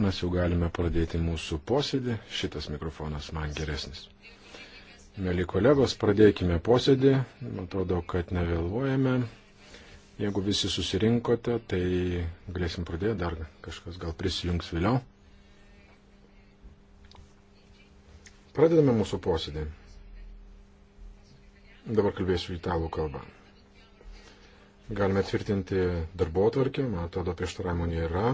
mes jau galime pradėti mūsų posėdį. Šitas mikrofonas man geresnis. Mėly kolegos, pradėkime posėdį. Man atrodo, kad nevėluojame. Jeigu visi susirinkote, tai galėsim pradėti. Dar kažkas gal prisijungs vėliau. Pradedame mūsų posėdį. Dabar kalbėsiu italų kalbą. Galime tvirtinti darbo atvarkę, man atrodo, prieštaravimų nėra.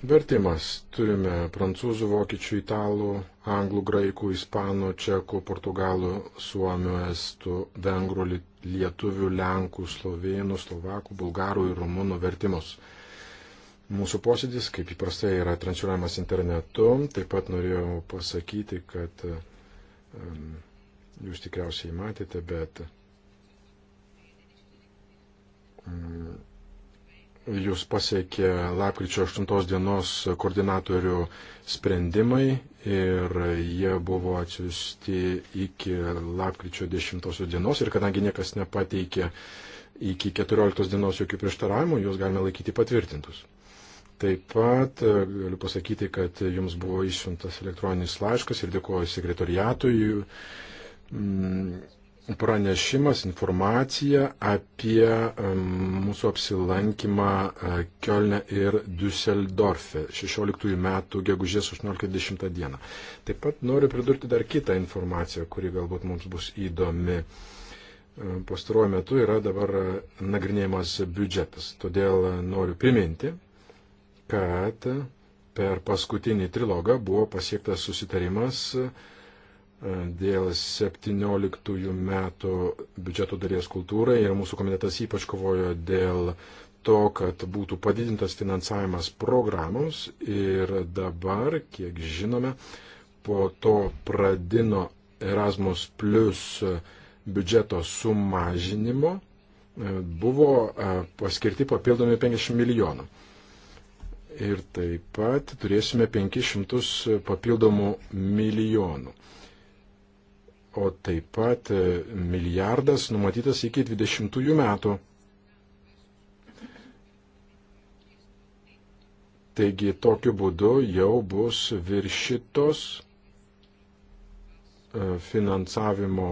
Vertimas turime prancūzų, vokiečių, italų, anglų, graikų, ispanų, čekų, portugalų, suomių, estų, vengrų, lietuvių, lenkų, slovėnų, slovakų, bulgarų ir rumunų vertimus. Mūsų posėdis, kaip įprastai, yra transliuojamas internetu. Taip pat norėjau pasakyti, kad um, jūs tikriausiai matėte, bet um, jūs pasiekė lapkričio 8 dienos koordinatorių sprendimai ir jie buvo atsiųsti iki lapkričio 10 dienos ir kadangi niekas nepateikė iki 14 dienos jokių prieštaravimų, juos galime laikyti patvirtintus. Taip pat e, galiu pasakyti, kad jums buvo išsiuntas elektroninis laiškas ir dėkuoju sekretoriatui mm, pranešimas, informacija apie mūsų apsilankimą e, Kielne ir Düsseldorfe 16 metų gegužės 18-10 dieną. Taip pat noriu pridurti dar kitą informaciją, kuri galbūt mums bus įdomi. E, pastaruoju metu yra dabar e, nagrinėjimas biudžetas, todėl noriu priminti, kad per paskutinį trilogą buvo pasiektas susitarimas dėl 17 metų biudžeto dalies kultūrai ir mūsų komitetas ypač kovojo dėl to, kad būtų padidintas finansavimas programoms ir dabar, kiek žinome, po to pradino Erasmus plus biudžeto sumažinimo e, buvo e, paskirti papildomi 50 milijonų. Ir taip pat turėsime 500 papildomų milijonų o taip pat e, milijardas numatytas iki 20 metų. Taigi tokiu būdu jau bus viršytos e, finansavimo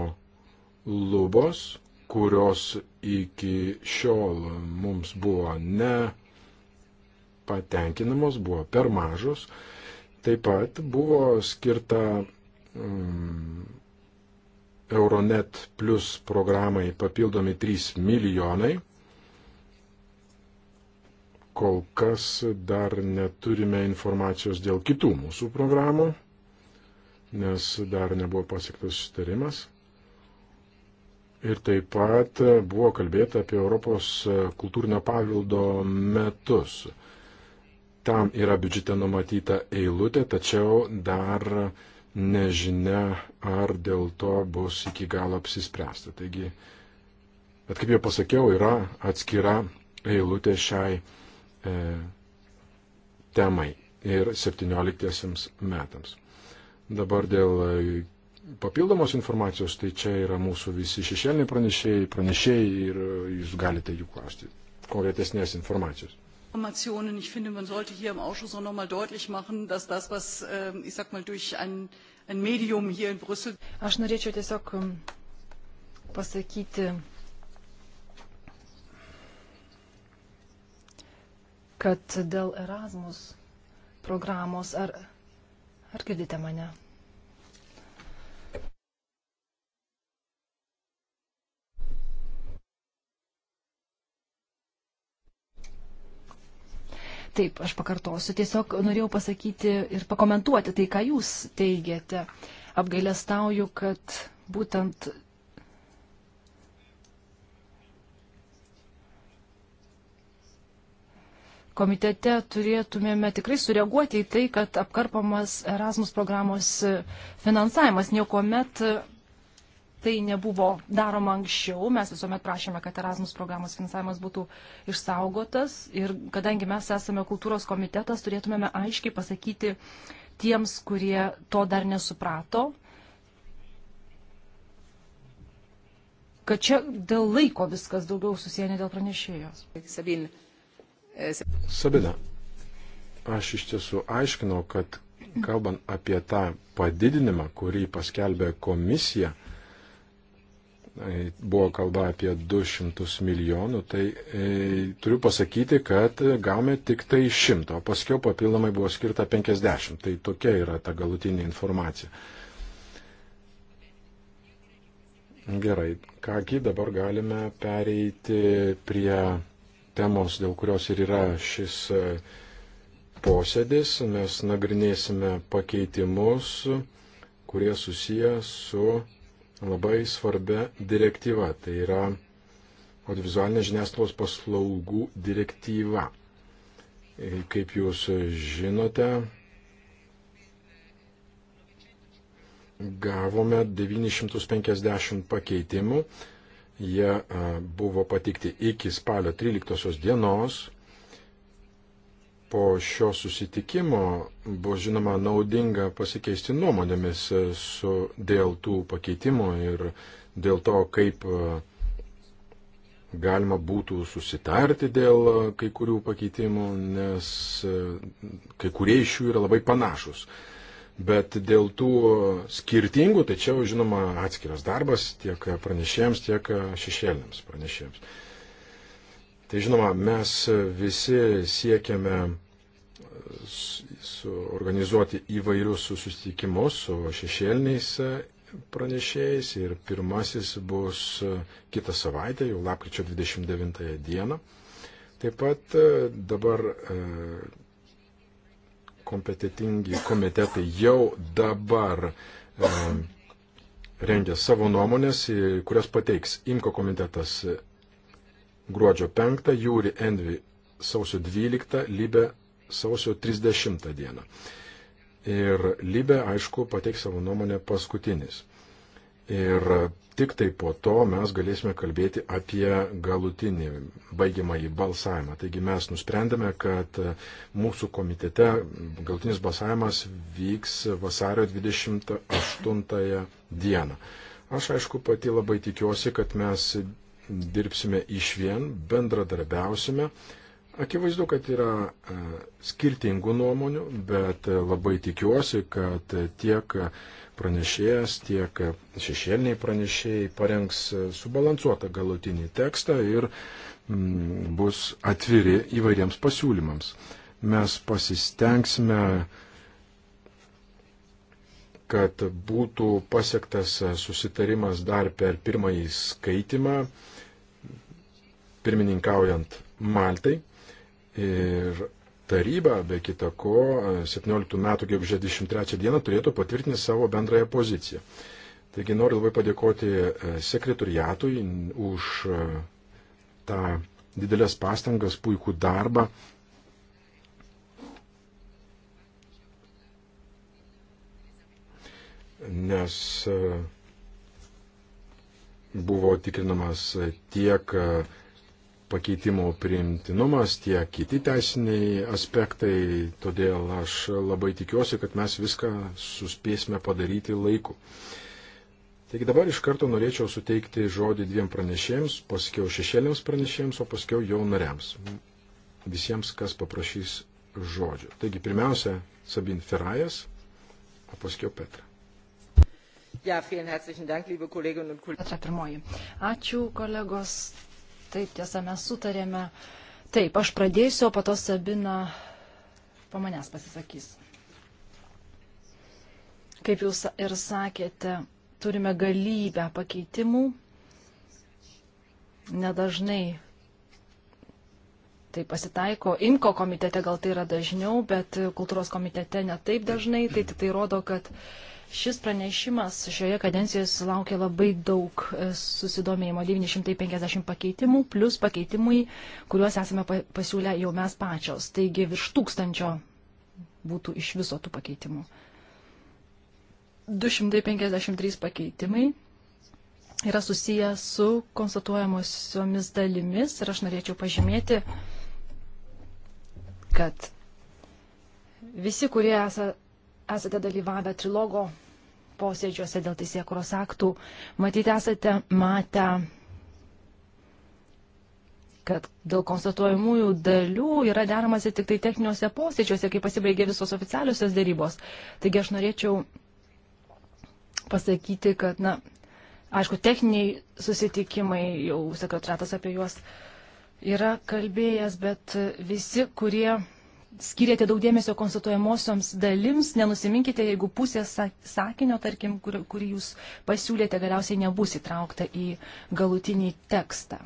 lubos, kurios iki šiol mums buvo ne patenkinamos, buvo per mažos. Taip pat buvo skirta um, Euronet Plus programai papildomi 3 milijonai. Kol kas dar neturime informacijos dėl kitų mūsų programų, nes dar nebuvo pasiektas sustarimas. Ir taip pat buvo kalbėta apie Europos kultūrinio pavildo metus. Tam yra biudžete numatyta eilutė, tačiau dar nežinia, ar dėl to bus iki galo apsispręsta. Taigi, bet kaip jau pasakiau, yra atskira eilutė šiai e, temai ir 17 metams. Dabar dėl papildomos informacijos, tai čia yra mūsų visi šešėliniai pranešėjai, pranešėjai ir jūs galite jų klausti konkretesnės informacijos. Informationen. Ich finde, man sollte hier im Ausschuss auch nochmal deutlich machen, dass das, was, ähm, ich sag mal, durch ein, ein Medium hier in Brüssel. Aš norėčiau tiesiog um, pasakyti, kad dėl Erasmus programos, ar, ar girdite mane? Taip, aš pakartosiu. Tiesiog norėjau pasakyti ir pakomentuoti tai, ką jūs teigiate. Apgailestauju, kad būtent. Komitete turėtumėme tikrai sureaguoti į tai, kad apkarpamas Erasmus programos finansavimas. Niekuomet tai nebuvo daroma anksčiau. Mes visuomet prašėme, kad Erasmus programos finansavimas būtų išsaugotas ir kadangi mes esame kultūros komitetas, turėtumėme aiškiai pasakyti tiems, kurie to dar nesuprato, kad čia dėl laiko viskas daugiau susienė dėl pranešėjos. Sabina, eh, aš iš tiesų aiškinau, kad kalbant apie tą padidinimą, kurį paskelbė komisija, buvo kalba apie 200 milijonų, tai e, turiu pasakyti, kad gavome tik tai 100, o paskui papildomai buvo skirta 50. Tai tokia yra ta galutinė informacija. Gerai, kągi dabar galime pereiti prie temos, dėl kurios ir yra šis e, posėdis. Mes nagrinėsime pakeitimus, kurie susiję su labai svarbia direktyva. Tai yra audiovizualinės žiniasklaidos paslaugų direktyva. Kaip jūs žinote, gavome 950 pakeitimų. Jie buvo patikti iki spalio 13 dienos po šio susitikimo bus žinoma naudinga pasikeisti nuomonėmis e, su, dėl tų pakeitimų ir dėl to, kaip e, galima būtų susitarti dėl e, kai kurių pakeitimų, nes kai kurie iš jų yra labai panašus. Bet dėl tų skirtingų, tai čia, žinoma, atskiras darbas tiek pranešėjams, tiek šešėlėms pranešėjams. Tai žinoma, mes visi siekiame suorganizuoti įvairius susitikimus su šešėliniais pranešėjais ir pirmasis bus kitą savaitę, jau lapkričio 29 dieną. Taip pat e, dabar e, kompetitingi komitetai jau dabar e, rengia savo nuomonės, kurias pateiks IMKO komitetas gruodžio 5, Jūri Envi sausio 12, Libė sausio 30 dieną. Ir Libė, aišku, pateiks savo nuomonę paskutinis. Ir tik tai po to mes galėsime kalbėti apie galutinį baigiamąjį balsavimą. Taigi mes nusprendėme, kad mūsų komitete galutinis balsavimas vyks vasario 28 dieną. Aš aišku pati labai tikiuosi, kad mes dirbsime iš vien, bendradarbiausime. Akivaizdu, kad yra e, skirtingų nuomonių, bet e, labai tikiuosi, kad e, tiek pranešėjas, tiek šešėliniai pranešėjai parengs subalansuotą galutinį tekstą ir mm, bus atviri įvairiems pasiūlymams. Mes pasistengsime, kad būtų pasiektas susitarimas dar per pirmąjį skaitimą pirmininkaujant Maltai ir taryba, be kita ko, 17 metų gegužė 23 dieną turėtų patvirtinti savo bendrąją poziciją. Taigi noriu labai padėkoti e, sekretoriatui už e, tą didelės pastangas, puikų darbą. Nes e, buvo tikrinamas tiek pakeitimų priimtinumas, tiek kiti teisiniai aspektai, todėl aš labai tikiuosi, kad mes viską suspėsime padaryti laiku. Taigi dabar iš karto norėčiau suteikti žodį dviem pranešėjams, paskiau šešėliams pranešėjams, o paskiau jau nariams. Visiems, kas paprašys žodžio. Taigi pirmiausia, Sabin Ferajas, o paskiau Petra. Ja, dank, liebe Kolleginnen und Kollegen. Ačiū, kolegos. Taip, tiesa, mes sutarėme. Taip, aš pradėsiu, o po to Sabina po manęs pasisakys. Kaip jūs ir sakėte, turime galybę pakeitimų. Nedažnai tai pasitaiko. Imko komitete gal tai yra dažniau, bet kultūros komitete netaip dažnai. Tai tik tai rodo, kad uh, Šis pranešimas šioje kadencijoje sulaukė labai daug e, susidomėjimo 950 pakeitimų, plus pakeitimai, kuriuos esame pasiūlę jau mes pačios. Taigi virš tūkstančio būtų iš viso tų pakeitimų. 253 pakeitimai yra susiję su konstatuojamosiomis dalimis ir aš norėčiau pažymėti, kad visi, kurie esate esate dalyvavę trilogo posėdžiuose dėl teisėkuros aktų, matyt esate matę, kad dėl konstatuojamųjų dalių yra deramasi tik tai techniniuose posėdžiuose, kai pasibaigė visos oficialiusios dėrybos. Taigi aš norėčiau pasakyti, kad, na, aišku, techniniai susitikimai, jau sekretratas apie juos yra kalbėjęs, bet visi, kurie skiriate daug dėmesio konstatuojamosioms dalims, nenusiminkite, jeigu pusė sakinio, tarkim, kur, kurį jūs pasiūlėte, galiausiai nebus įtraukta į galutinį tekstą.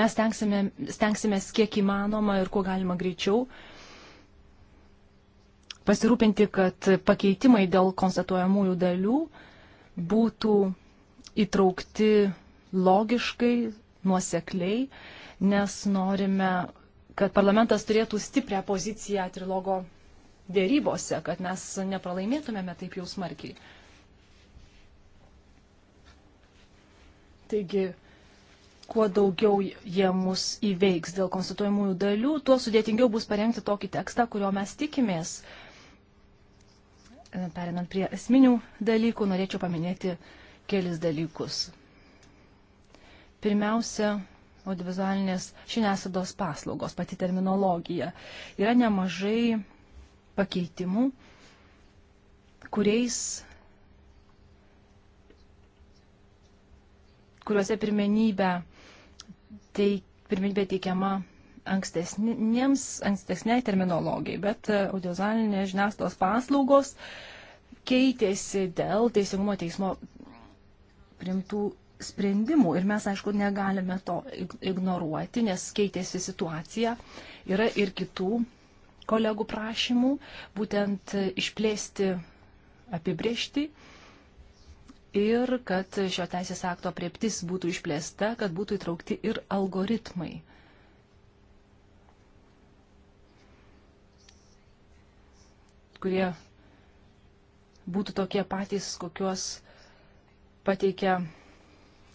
Mes stengsime, stengsime kiek įmanoma ir kuo galima greičiau pasirūpinti, kad pakeitimai dėl konstatuojamųjų dalių būtų įtraukti logiškai, nuosekliai nes norime, kad parlamentas turėtų stiprią poziciją trilogo dėrybose, kad mes nepralaimėtumėme taip jau smarkiai. Taigi, kuo daugiau jie mus įveiks dėl konstatuojamųjų dalių, tuo sudėtingiau bus parengti tokį tekstą, kurio mes tikimės. Perinant prie esminių dalykų, norėčiau paminėti kelis dalykus. Pirmiausia, audiovizualinės žiniasklaidos paslaugos, pati terminologija. Yra nemažai pakeitimų, kuriais kuriuose pirmenybė, tai pirmenybė teikiama ankstesniems, ankstesniai terminologijai, bet audiovizualinės žiniasklaidos paslaugos keitėsi dėl Teisingumo teismo primtų sprendimų ir mes, aišku, negalime to ignoruoti, nes keitėsi situacija. Yra ir kitų kolegų prašymų būtent išplėsti apibriešti ir kad šio teisės akto prieptis būtų išplėsta, kad būtų įtraukti ir algoritmai. kurie būtų tokie patys, kokios pateikia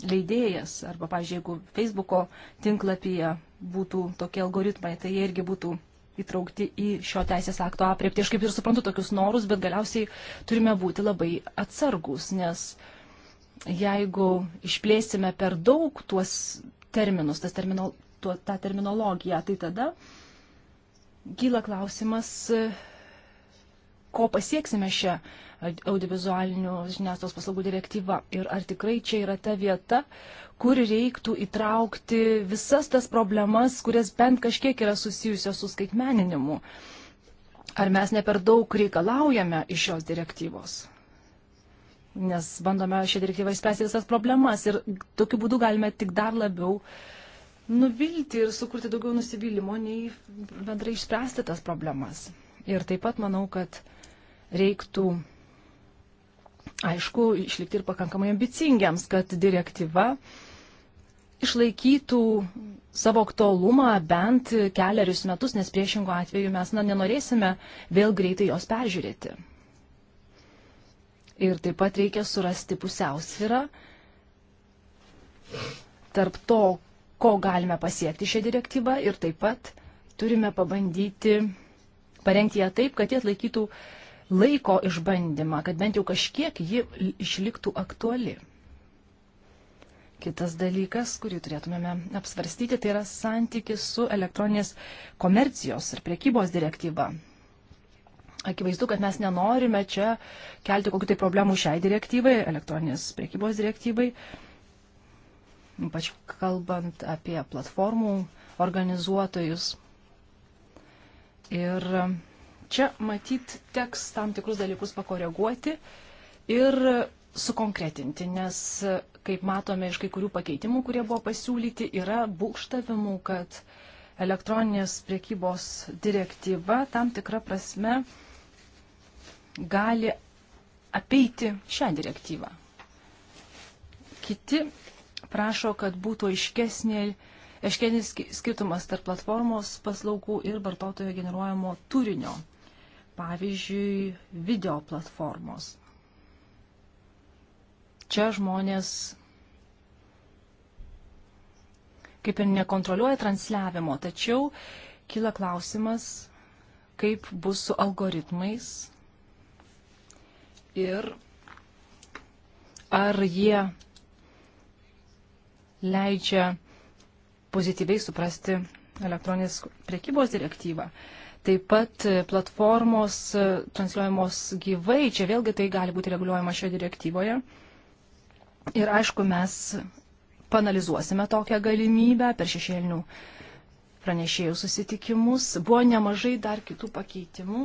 leidėjas, arba, pavyzdžiui, jeigu Facebooko tinklapyje būtų tokie algoritmai, tai jie irgi būtų įtraukti į šio teisės akto apriepti. Aš kaip ir suprantu tokius norus, bet galiausiai turime būti labai atsargus, nes jeigu išplėsime per daug tuos terminus, tas termino, tuo, tą terminologiją, tai tada kyla klausimas, ko pasieksime šią audiovizualinių žiniasklaidos paslaugų direktyva. Ir ar tikrai čia yra ta vieta, kur reiktų įtraukti visas tas problemas, kurias bent kažkiek yra susijusios su skaitmeninimu. Ar mes ne per daug reikalaujame iš šios direktyvos? Nes bandome šią direktyvą įspręsti visas problemas ir tokiu būdu galime tik dar labiau nuvilti ir sukurti daugiau nusivylimo, nei bendrai išspręsti tas problemas. Ir taip pat manau, kad reiktų aišku, išlikti ir pakankamai ambicingiams, kad direktyva išlaikytų savo aktualumą bent keliarius metus, nes priešingo atveju mes na, nenorėsime vėl greitai jos peržiūrėti. Ir taip pat reikia surasti pusiausvyrą tarp to, ko galime pasiekti šią direktyvą ir taip pat turime pabandyti parengti ją taip, kad jie atlaikytų uh, laiko išbandymą, kad bent jau kažkiek ji išliktų aktuali. Kitas dalykas, kurį turėtumėme apsvarstyti, tai yra santykis su elektroninės komercijos ir priekybos direktyva. Akivaizdu, kad mes nenorime čia kelti kokių tai problemų šiai direktyvai, elektroninės priekybos direktyvai, ypač kalbant apie platformų organizuotojus. Ir Čia matyt teks tam tikrus dalykus pakoreguoti ir sukonkretinti, nes, kaip matome iš kai kurių pakeitimų, kurie buvo pasiūlyti, yra būkštavimų, kad elektroninės priekybos direktyva tam tikrą prasme gali apeiti šią direktyvą. Kiti prašo, kad būtų aiškesnė, aiškesnis skirtumas tarp platformos paslaugų ir vartotojo generuojamo turinio pavyzdžiui, video platformos. Čia žmonės kaip ir nekontroliuoja transliavimo, tačiau kyla klausimas, kaip bus su algoritmais ir ar jie leidžia pozityviai suprasti elektroninės priekybos direktyvą. Taip pat e, platformos e, transliuojamos gyvai, čia vėlgi tai gali būti reguliuojama šioje direktyvoje. Ir aišku, mes panalizuosime tokią galimybę per šešėlinių pranešėjų susitikimus. Buvo nemažai dar kitų pakeitimų,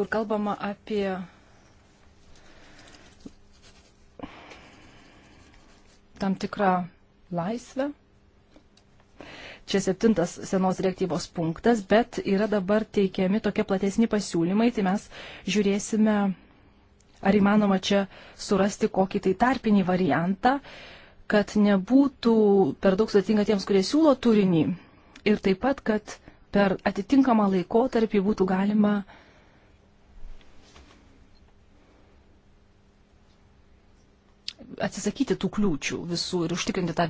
kur kalbama apie tam tikrą laisvę Čia septintas senos direktyvos punktas, bet yra dabar teikiami tokie platesni pasiūlymai, tai mes žiūrėsime, ar įmanoma čia surasti kokį tai tarpinį variantą, kad nebūtų per daug sudėtinga tiems, kurie siūlo turinį. Ir taip pat, kad per atitinkamą laikotarpį būtų galima uh, atsisakyti tų kliūčių visų ir užtikrinti tą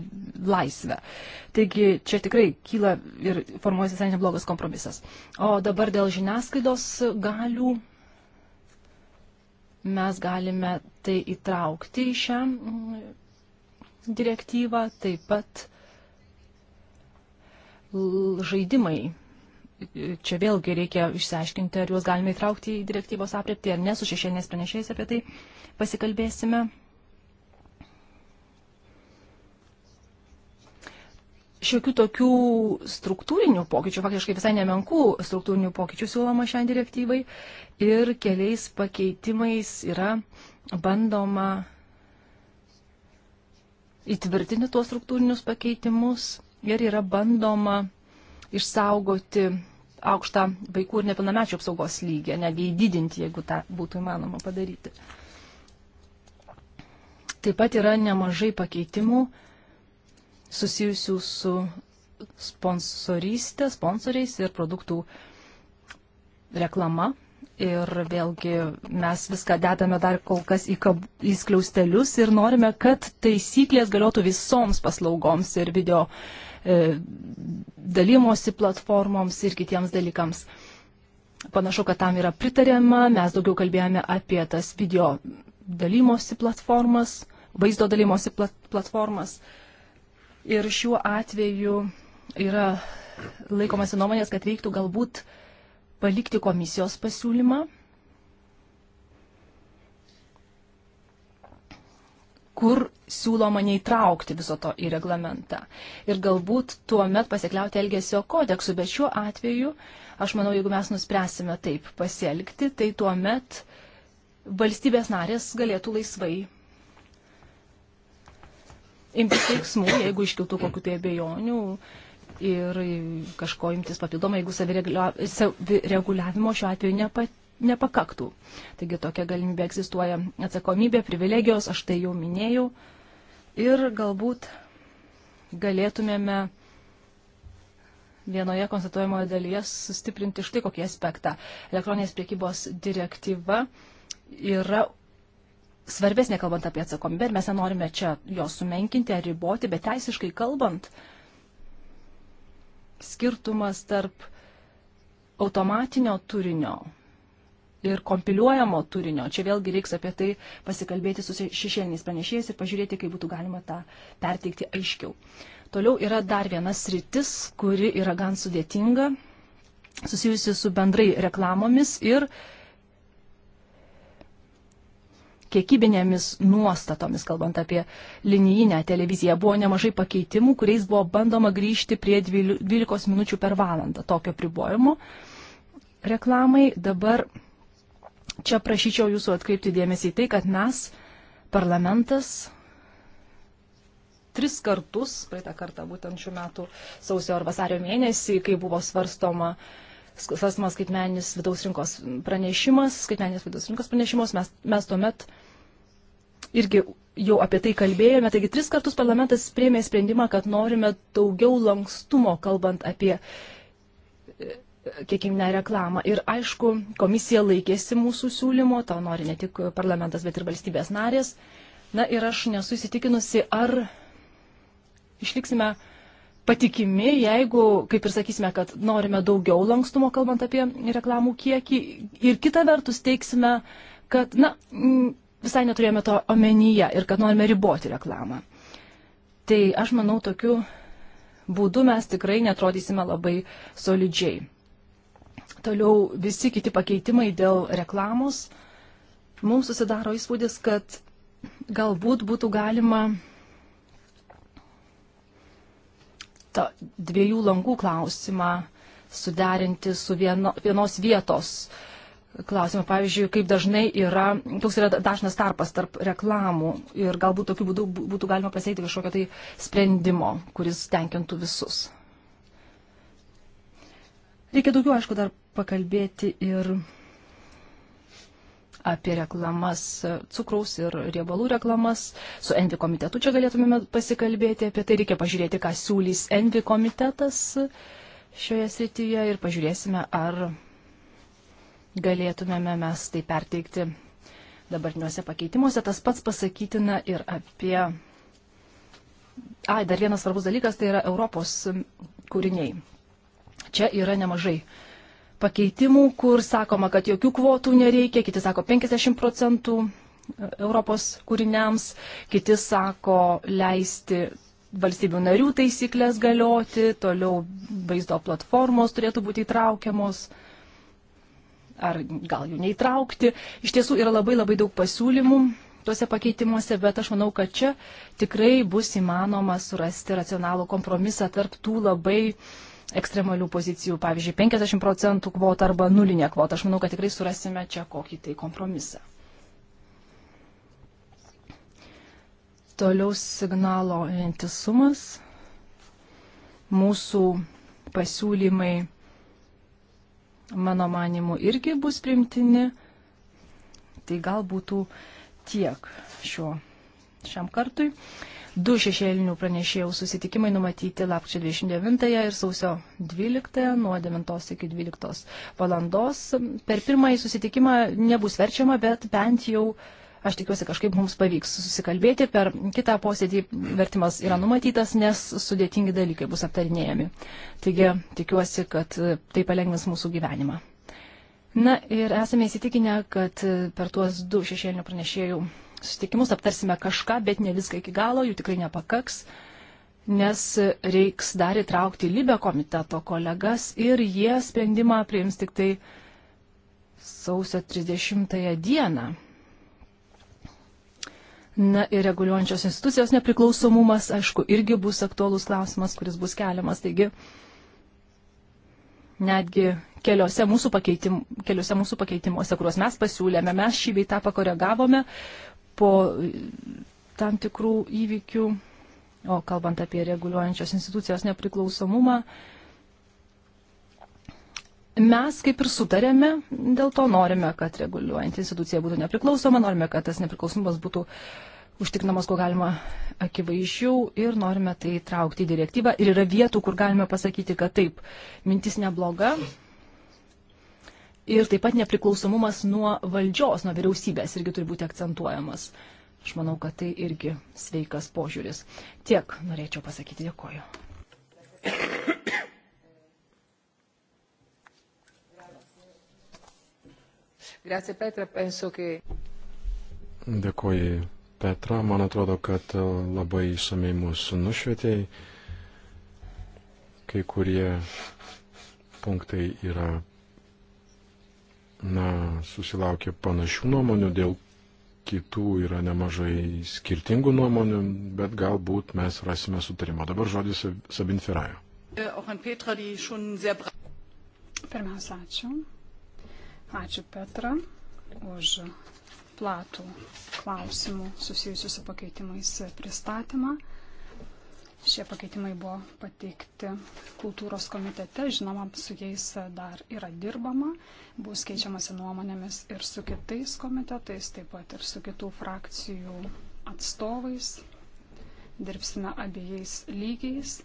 laisvę. Taigi čia tikrai kyla ir formuojasi visai neblogas kompromisas. O dabar dėl žiniasklaidos galių mes galime tai įtraukti į šią mm, direktyvą, taip pat žaidimai čia vėlgi reikia išsiaiškinti, ar juos galime įtraukti į direktyvos apriepti ar ne, su šešėlinės pranešėjais apie tai pasikalbėsime. šiokių tokių struktūrinių pokyčių, faktiškai visai nemenkų struktūrinių pokyčių siūloma šiai direktyvai ir keliais pakeitimais yra bandoma įtvirtinti tuos struktūrinius pakeitimus ir yra bandoma išsaugoti aukštą vaikų ir nepilnamečių apsaugos lygį, netgi įdidinti, jeigu tą būtų įmanoma padaryti. Taip pat yra nemažai pakeitimų, susijusių su sponsorystė, sponsoriais ir produktų reklama. Ir vėlgi mes viską dedame dar kol kas į, kab, į skliaustelius ir norime, kad taisyklės galiotų visoms paslaugoms ir video e, dalymosi platformoms ir kitiems dalykams. Panašu, kad tam yra pritariama. Mes daugiau kalbėjome apie tas video dalymosi platformas, vaizdo dalymosi plat, platformas. E, Ir šiuo atveju yra laikomasi nuomonės, kad reiktų galbūt palikti komisijos pasiūlymą, kur siūloma neįtraukti viso to į reglamentą. Ir galbūt tuo met pasikliauti Elgesio kodeksu, bet šiuo atveju, aš manau, jeigu mes nuspręsime taip pasielgti, tai tuo met valstybės narės galėtų laisvai imtis veiksmų, jeigu iškiltų kokiu tai abejonių ir kažko imtis papildomai, jeigu savireguliavimo šiuo atveju nepa, nepakaktų. Taigi tokia galimybė egzistuoja atsakomybė, privilegijos, aš tai jau minėjau. Ir galbūt galėtumėme vienoje konstatuojamoje dalyje sustiprinti štai kokį aspektą. Elektroninės priekybos direktyva yra svarbesnė kalbant apie atsakomybę ir mes nenorime čia jos sumenkinti ar riboti, bet teisiškai kalbant, skirtumas tarp automatinio turinio ir kompiliuojamo turinio, čia vėlgi reiks apie tai pasikalbėti su šešėliniais pranešėjais ir pažiūrėti, kaip būtų galima tą perteikti aiškiau. Toliau yra dar viena sritis, kuri yra gan sudėtinga, susijusi su bendrai reklamomis ir uh, kiekybinėmis nuostatomis, kalbant apie linijinę televiziją. Buvo nemažai pakeitimų, kuriais buvo bandoma grįžti prie 12 minučių per valandą tokio pribojimo reklamai. Dabar čia prašyčiau jūsų atkreipti dėmesį į tai, kad mes, parlamentas, tris kartus, praeitą kartą būtent šių metų sausio ar vasario mėnesį, kai buvo svarstoma uh, svarstamas skaitmeninis vidaus rinkos pranešimas, skaitmeninis vidaus rinkos pranešimas, mes, mes tuomet irgi jau apie tai kalbėjome. Taigi tris kartus parlamentas priemė sprendimą, kad norime daugiau lankstumo, kalbant apie e, kiekiminę reklamą. Ir aišku, komisija laikėsi mūsų siūlymo, to nori ne tik parlamentas, bet ir valstybės narės. Na ir aš nesu įsitikinusi, ar išliksime patikimi, jeigu, kaip ir sakysime, kad norime daugiau lankstumo, kalbant apie reklamų kiekį, ir kita vertus teiksime, kad, na, visai neturėjome to omenyje ir kad norime riboti reklamą. Tai aš manau, tokiu būdu mes tikrai netrodysime labai solidžiai. Toliau visi kiti pakeitimai dėl reklamos. Mums susidaro įspūdis, kad galbūt būtų galima ta, dviejų langų klausimą suderinti su vieno, vienos vietos klausimą. Pavyzdžiui, kaip dažnai yra, toks yra dažnas tarpas tarp reklamų ir galbūt tokiu būdu būtų galima pasiekti kažkokio tai sprendimo, kuris tenkintų visus. Reikia daugiau, aišku, dar pakalbėti ir apie reklamas, cukraus ir riebalų reklamas. Su Envi komitetu čia galėtumėme pasikalbėti apie tai. Reikia pažiūrėti, ką siūlys Envi komitetas šioje srityje ir pažiūrėsime, ar galėtumėme mes tai perteikti dabartiniuose pakeitimuose. Tas pats pasakytina ir apie. Ai, dar vienas svarbus dalykas tai yra Europos kūriniai. Čia yra nemažai uh, pakeitimų, kur sakoma, kad jokių kvotų nereikia, kiti sako 50 procentų e, Europos kūriniams, kiti sako leisti valstybių narių taisyklės galioti, toliau vaizdo platformos turėtų būti įtraukiamos ar gal jų neįtraukti. Iš tiesų yra labai labai daug pasiūlymų tuose pakeitimuose, bet aš manau, kad čia tikrai bus įmanoma surasti racionalų kompromisą tarp tų labai uh, ekstremalių pozicijų, pavyzdžiui, 50 procentų kvotą arba nulinę kvotą. Aš manau, kad tikrai surasime čia kokį tai kompromisą. Toliau signalo vientisumas. Mūsų pasiūlymai, mano manimu, irgi bus primtini. Tai gal būtų tiek šio šiam kartui. Du šešėlinių pranešėjų susitikimai numatyti lapkričio 29 ir sausio 12 nuo 9 iki 12 valandos. Per pirmąjį susitikimą nebus verčiama, bet bent jau aš tikiuosi kažkaip mums pavyks susikalbėti. Per kitą posėdį vertimas yra numatytas, nes sudėtingi dalykai bus aptarinėjami. Taigi tikiuosi, kad tai palengvins mūsų gyvenimą. Na ir esame įsitikinę, kad per tuos du šešėlinių pranešėjų susitikimus, aptarsime kažką, bet ne viską iki galo, jų tikrai nepakaks, nes reiks dar įtraukti Libę komiteto kolegas ir jie sprendimą priims tik tai sausio 30 dieną. Na ir reguliuojančios institucijos nepriklausomumas, aišku, irgi bus aktuolus klausimas, kuris bus keliamas. Taigi, netgi keliose mūsų, pakeitim, keliose mūsų pakeitimuose, kuriuos mes pasiūlėme, mes šį bei tą pakoregavome, po tam tikrų įvykių, o kalbant apie reguliuojančios institucijos nepriklausomumą, mes kaip ir sutarėme, dėl to norime, kad reguliuojant institucija būtų nepriklausoma, norime, kad tas nepriklausomumas būtų užtikrinamas, kuo galima akivaizdžiau ir norime tai traukti į direktyvą. Ir yra vietų, kur galime pasakyti, kad taip, mintis nebloga, ir taip pat nepriklausomumas nuo valdžios, nuo vyriausybės irgi turi būti akcentuojamas. Aš manau, kad tai irgi sveikas požiūris. Tiek norėčiau pasakyti. Dėkoju. Grazie Petra, penso che... Dėkoju Petra, man atrodo, kad labai išsamei mūsų nušvietėjai. Kai kurie punktai yra na, susilaukė panašių nuomonių, dėl kitų yra nemažai skirtingų nuomonių, bet galbūt mes rasime sutarimą. Dabar žodis Sabin Firajo. E, Pirmiausia, ačiū. Ačiū Petra už platų klausimų susijusių su pakeitimais pristatymą. Šie pakeitimai buvo pateikti kultūros komitete, žinoma, su jais dar yra dirbama, bus keičiamasi nuomonėmis ir su kitais komitetais, taip pat ir su kitų frakcijų atstovais. Dirbsime abiejais lygiais,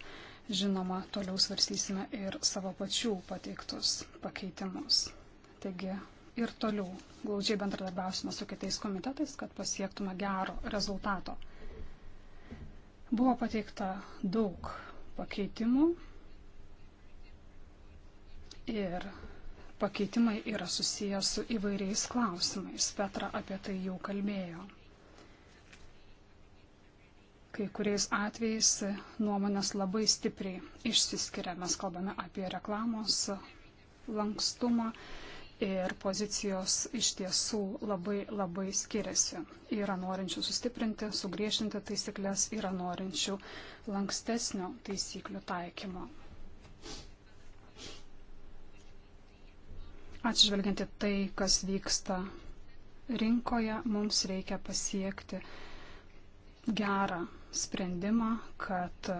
žinoma, toliau svarstysime ir savo pačių pateiktus pakeitimus. Taigi ir toliau glaudžiai bendradarbiausime su kitais komitetais, kad pasiektume gero rezultato. Buvo pateikta daug pakeitimų ir pakeitimai yra susijęs su įvairiais klausimais. Petra apie tai jau kalbėjo. Kai kuriais atvejais nuomonės labai stipriai išsiskiria. Mes kalbame apie reklamos lankstumą, ir pozicijos iš tiesų labai labai skiriasi. Yra norinčių sustiprinti, sugriešinti taisyklės, yra norinčių lankstesnio taisyklių taikymo. Atsižvelgianti tai, kas vyksta rinkoje, mums reikia pasiekti gerą sprendimą, kad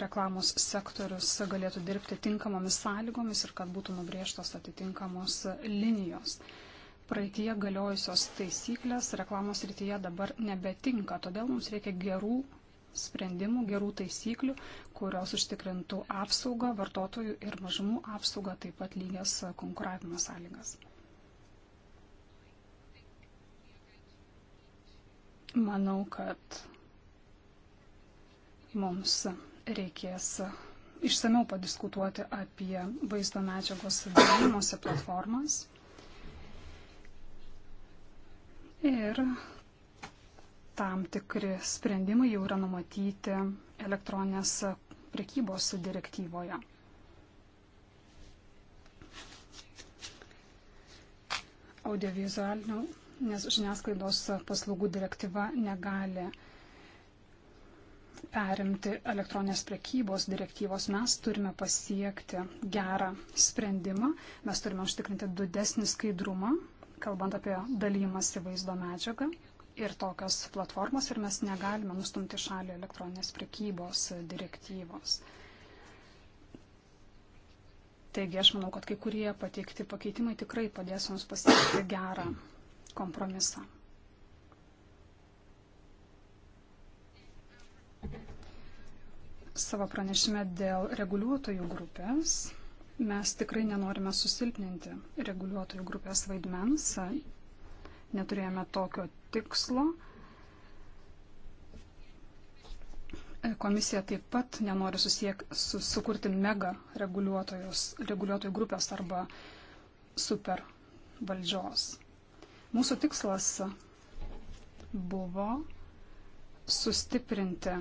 reklamos sektorius galėtų dirbti tinkamomis sąlygomis ir kad būtų nubrėžtos atitinkamos linijos. Praeitie galiojusios taisyklės reklamos rytyje dabar nebetinka, todėl mums reikia gerų sprendimų, gerų taisyklių, kurios užtikrintų apsaugą vartotojų ir mažumų apsaugą, taip pat lygias konkuravimo sąlygas. Manau, kad mums reikės išsameu padiskutuoti apie vaizdo medžiagos dalymosi platformas. Ir tam tikri sprendimai jau yra numatyti elektroninės prekybos direktyvoje. Audiovizualinių, nes žiniasklaidos paslaugų direktyva negali perimti elektroninės prekybos direktyvos, mes turime pasiekti gerą sprendimą, mes turime užtikrinti didesnį skaidrumą, kalbant apie dalymasi vaizdo medžiagą ir tokios platformos ir mes negalime nustumti šalį elektroninės prekybos direktyvos. Taigi aš manau, kad kai kurie pateikti pakeitimai tikrai padės mums pasiekti gerą kompromisą. savo pranešime dėl reguliuotojų grupės. Mes tikrai nenorime susilpninti reguliuotojų grupės vaidmens. Neturėjome tokio tikslo. Komisija taip pat nenori susiek, su, sukurti mega reguliuotojų grupės arba super valdžios. Mūsų tikslas buvo sustiprinti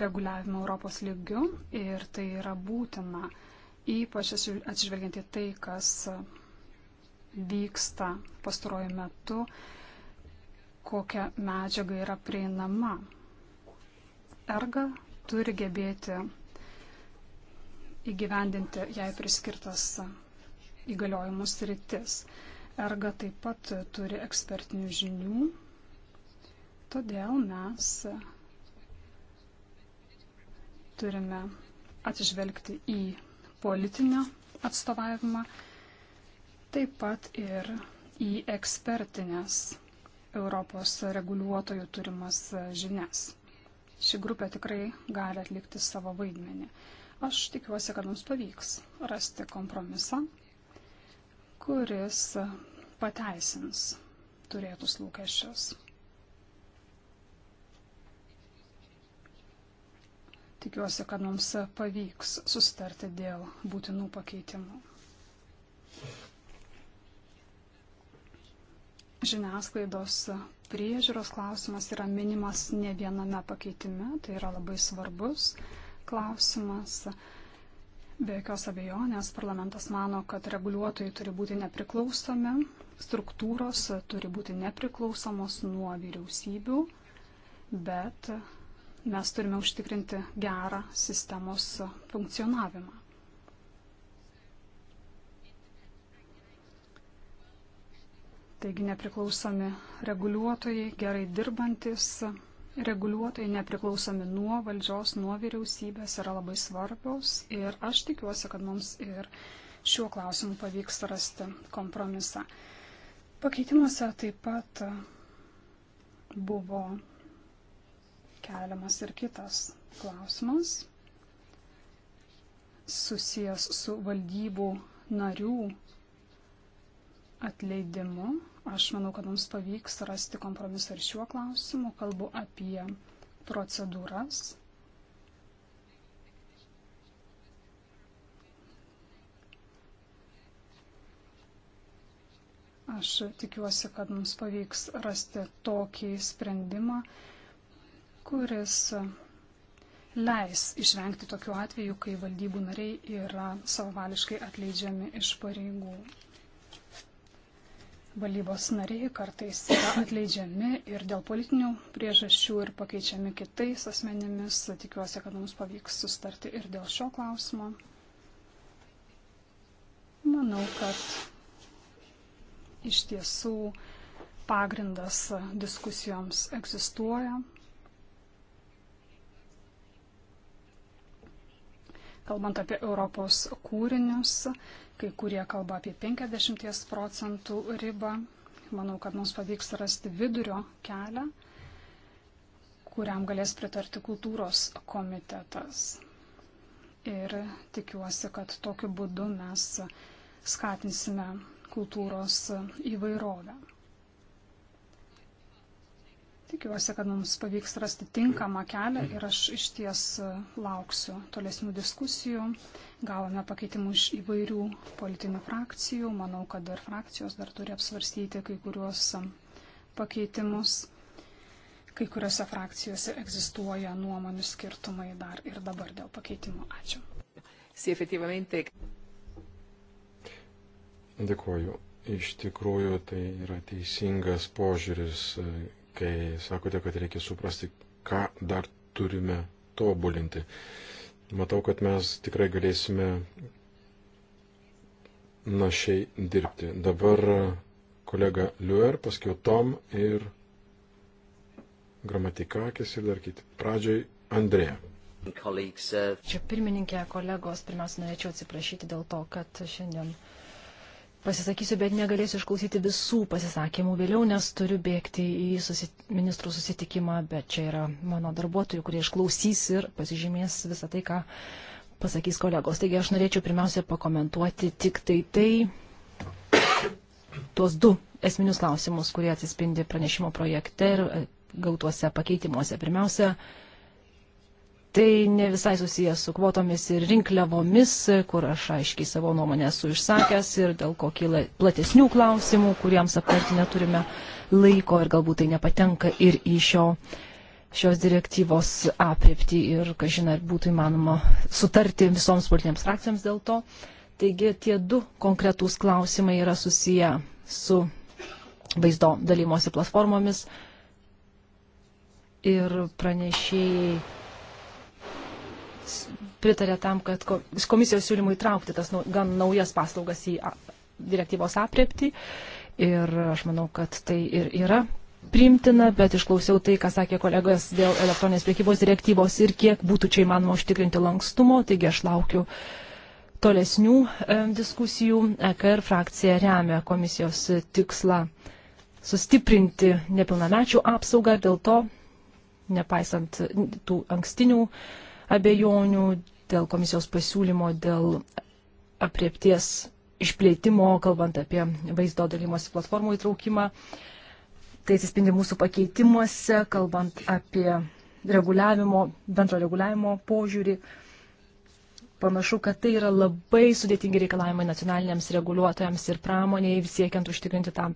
reguliavimą Europos lygių ir tai yra būtina, ypač atsižvelgiant į tai, kas vyksta pastaruoju metu, kokia medžiaga yra prieinama. Erga turi gebėti įgyvendinti jai priskirtas įgaliojimus rytis. Erga taip pat turi ekspertinių žinių, todėl mes turime atsižvelgti į politinę atstovavimą, taip pat ir į ekspertinės Europos reguliuotojų turimas žinias. Ši grupė tikrai gali atlikti savo vaidmenį. Aš tikiuosi, kad mums pavyks rasti kompromisą, kuris pateisins turėtus lūkesčius. Tikiuosi, kad mums pavyks sustarti dėl būtinų pakeitimų. Žiniasklaidos priežiūros klausimas yra minimas ne viename pakeitime, tai yra labai svarbus klausimas. Be jokios abejonės parlamentas mano, kad reguliuotojai turi būti nepriklausomi, struktūros turi būti nepriklausomos nuo vyriausybių, bet mes turime užtikrinti gerą sistemos funkcionavimą. Taigi nepriklausomi reguliuotojai, gerai dirbantis reguliuotojai, nepriklausomi nuo valdžios, nuo vyriausybės yra labai svarbios ir aš tikiuosi, kad mums ir šiuo klausimu pavyks rasti kompromisą. Pakeitimuose taip pat buvo keliamas ir kitas klausimas susijęs su valdybų narių atleidimu. Aš manau, kad mums pavyks rasti kompromisą ir šiuo klausimu. Kalbu apie procedūras. Aš tikiuosi, kad mums pavyks rasti tokį sprendimą, kuris leis išvengti tokių atvejų, kai valdybų nariai yra savavališkai atleidžiami iš pareigų. Valdybos nariai kartais yra atleidžiami ir dėl politinių priežasčių ir pakeičiami kitais asmenėmis. Tikiuosi, kad mums pavyks sustarti ir dėl šio klausimo. Manau, kad iš tiesų pagrindas diskusijoms egzistuoja, Kalbant apie Europos kūrinius, kai kurie kalba apie 50 procentų ribą. Manau, kad mums pavyks rasti vidurio kelią, kuriam galės pritarti kultūros komitetas. Ir tikiuosi, kad tokiu būdu mes skatinsime kultūros įvairovę. Tikiuosi, kad mums pavyks rasti tinkamą kelią ir aš iš ties e, lauksiu tolesnių diskusijų. Gavome pakeitimų iš įvairių politinių frakcijų. Manau, kad ir frakcijos dar turi apsvarstyti kai kuriuos e, pakeitimus. Kai kuriuose frakcijose egzistuoja nuomonių skirtumai dar ir dabar dėl pakeitimų. Ačiū. Dėkuoju. Iš tikrųjų, tai yra teisingas požiūris e, kai sakote, kad reikia suprasti, ką dar turime tobulinti. Matau, kad mes tikrai galėsime našiai dirbti. Dabar kolega Liuer, paskui Tom ir gramatikakis ir dar kiti. Pradžiai Andrėja. Uh, Čia pirmininkė, kolegos, pirmiausia, norėčiau atsiprašyti dėl to, kad šiandien uh, pasisakysiu, bet negalėsiu išklausyti visų pasisakymų vėliau, nes turiu bėgti į susi ministrų susitikimą, bet čia yra mano darbuotojų, kurie išklausys ir pasižymės visą tai, ką pasakys kolegos. Taigi aš norėčiau pirmiausia pakomentuoti tik tai tai, tuos du esminius klausimus, kurie atsispindi pranešimo projekte ir e, gautuose pakeitimuose. Pirmiausia, tai ne visai susijęs su kvotomis ir rinkliavomis, kur aš aiškiai savo nuomonę esu išsakęs ir dėl ko kyla platesnių klausimų, kuriems aptarti neturime laiko ir galbūt tai nepatenka ir į šio, šios direktyvos apriepti ir, kažina, būtų įmanoma sutarti visoms politinėms frakcijoms dėl to. Taigi tie du konkretūs klausimai yra susiję su vaizdo dalymosi platformomis ir pranešėjai pritarė tam, kad komisijos siūlymui traukti tas gan naujas paslaugas į direktyvos apriepti. Ir aš manau, kad tai ir yra priimtina, bet išklausiau tai, ką sakė kolegas dėl elektroninės priekybos direktyvos ir kiek būtų čia įmanoma užtikrinti lankstumo. Taigi aš laukiu tolesnių e, diskusijų. EKR frakcija remia komisijos tikslą sustiprinti nepilnamečių apsaugą ir dėl to, nepaisant tų ankstinių uh, abejonių dėl komisijos pasiūlymo, dėl apriepties išplėtimo, kalbant apie vaizdo dalymosi platformų įtraukimą. Tai atsispindi mūsų pakeitimuose, kalbant apie reguliavimo, bendro reguliavimo požiūrį. Panašu, kad tai yra labai sudėtingi reikalavimai nacionaliniams reguliuotojams ir pramoniai, siekiant užtikrinti tą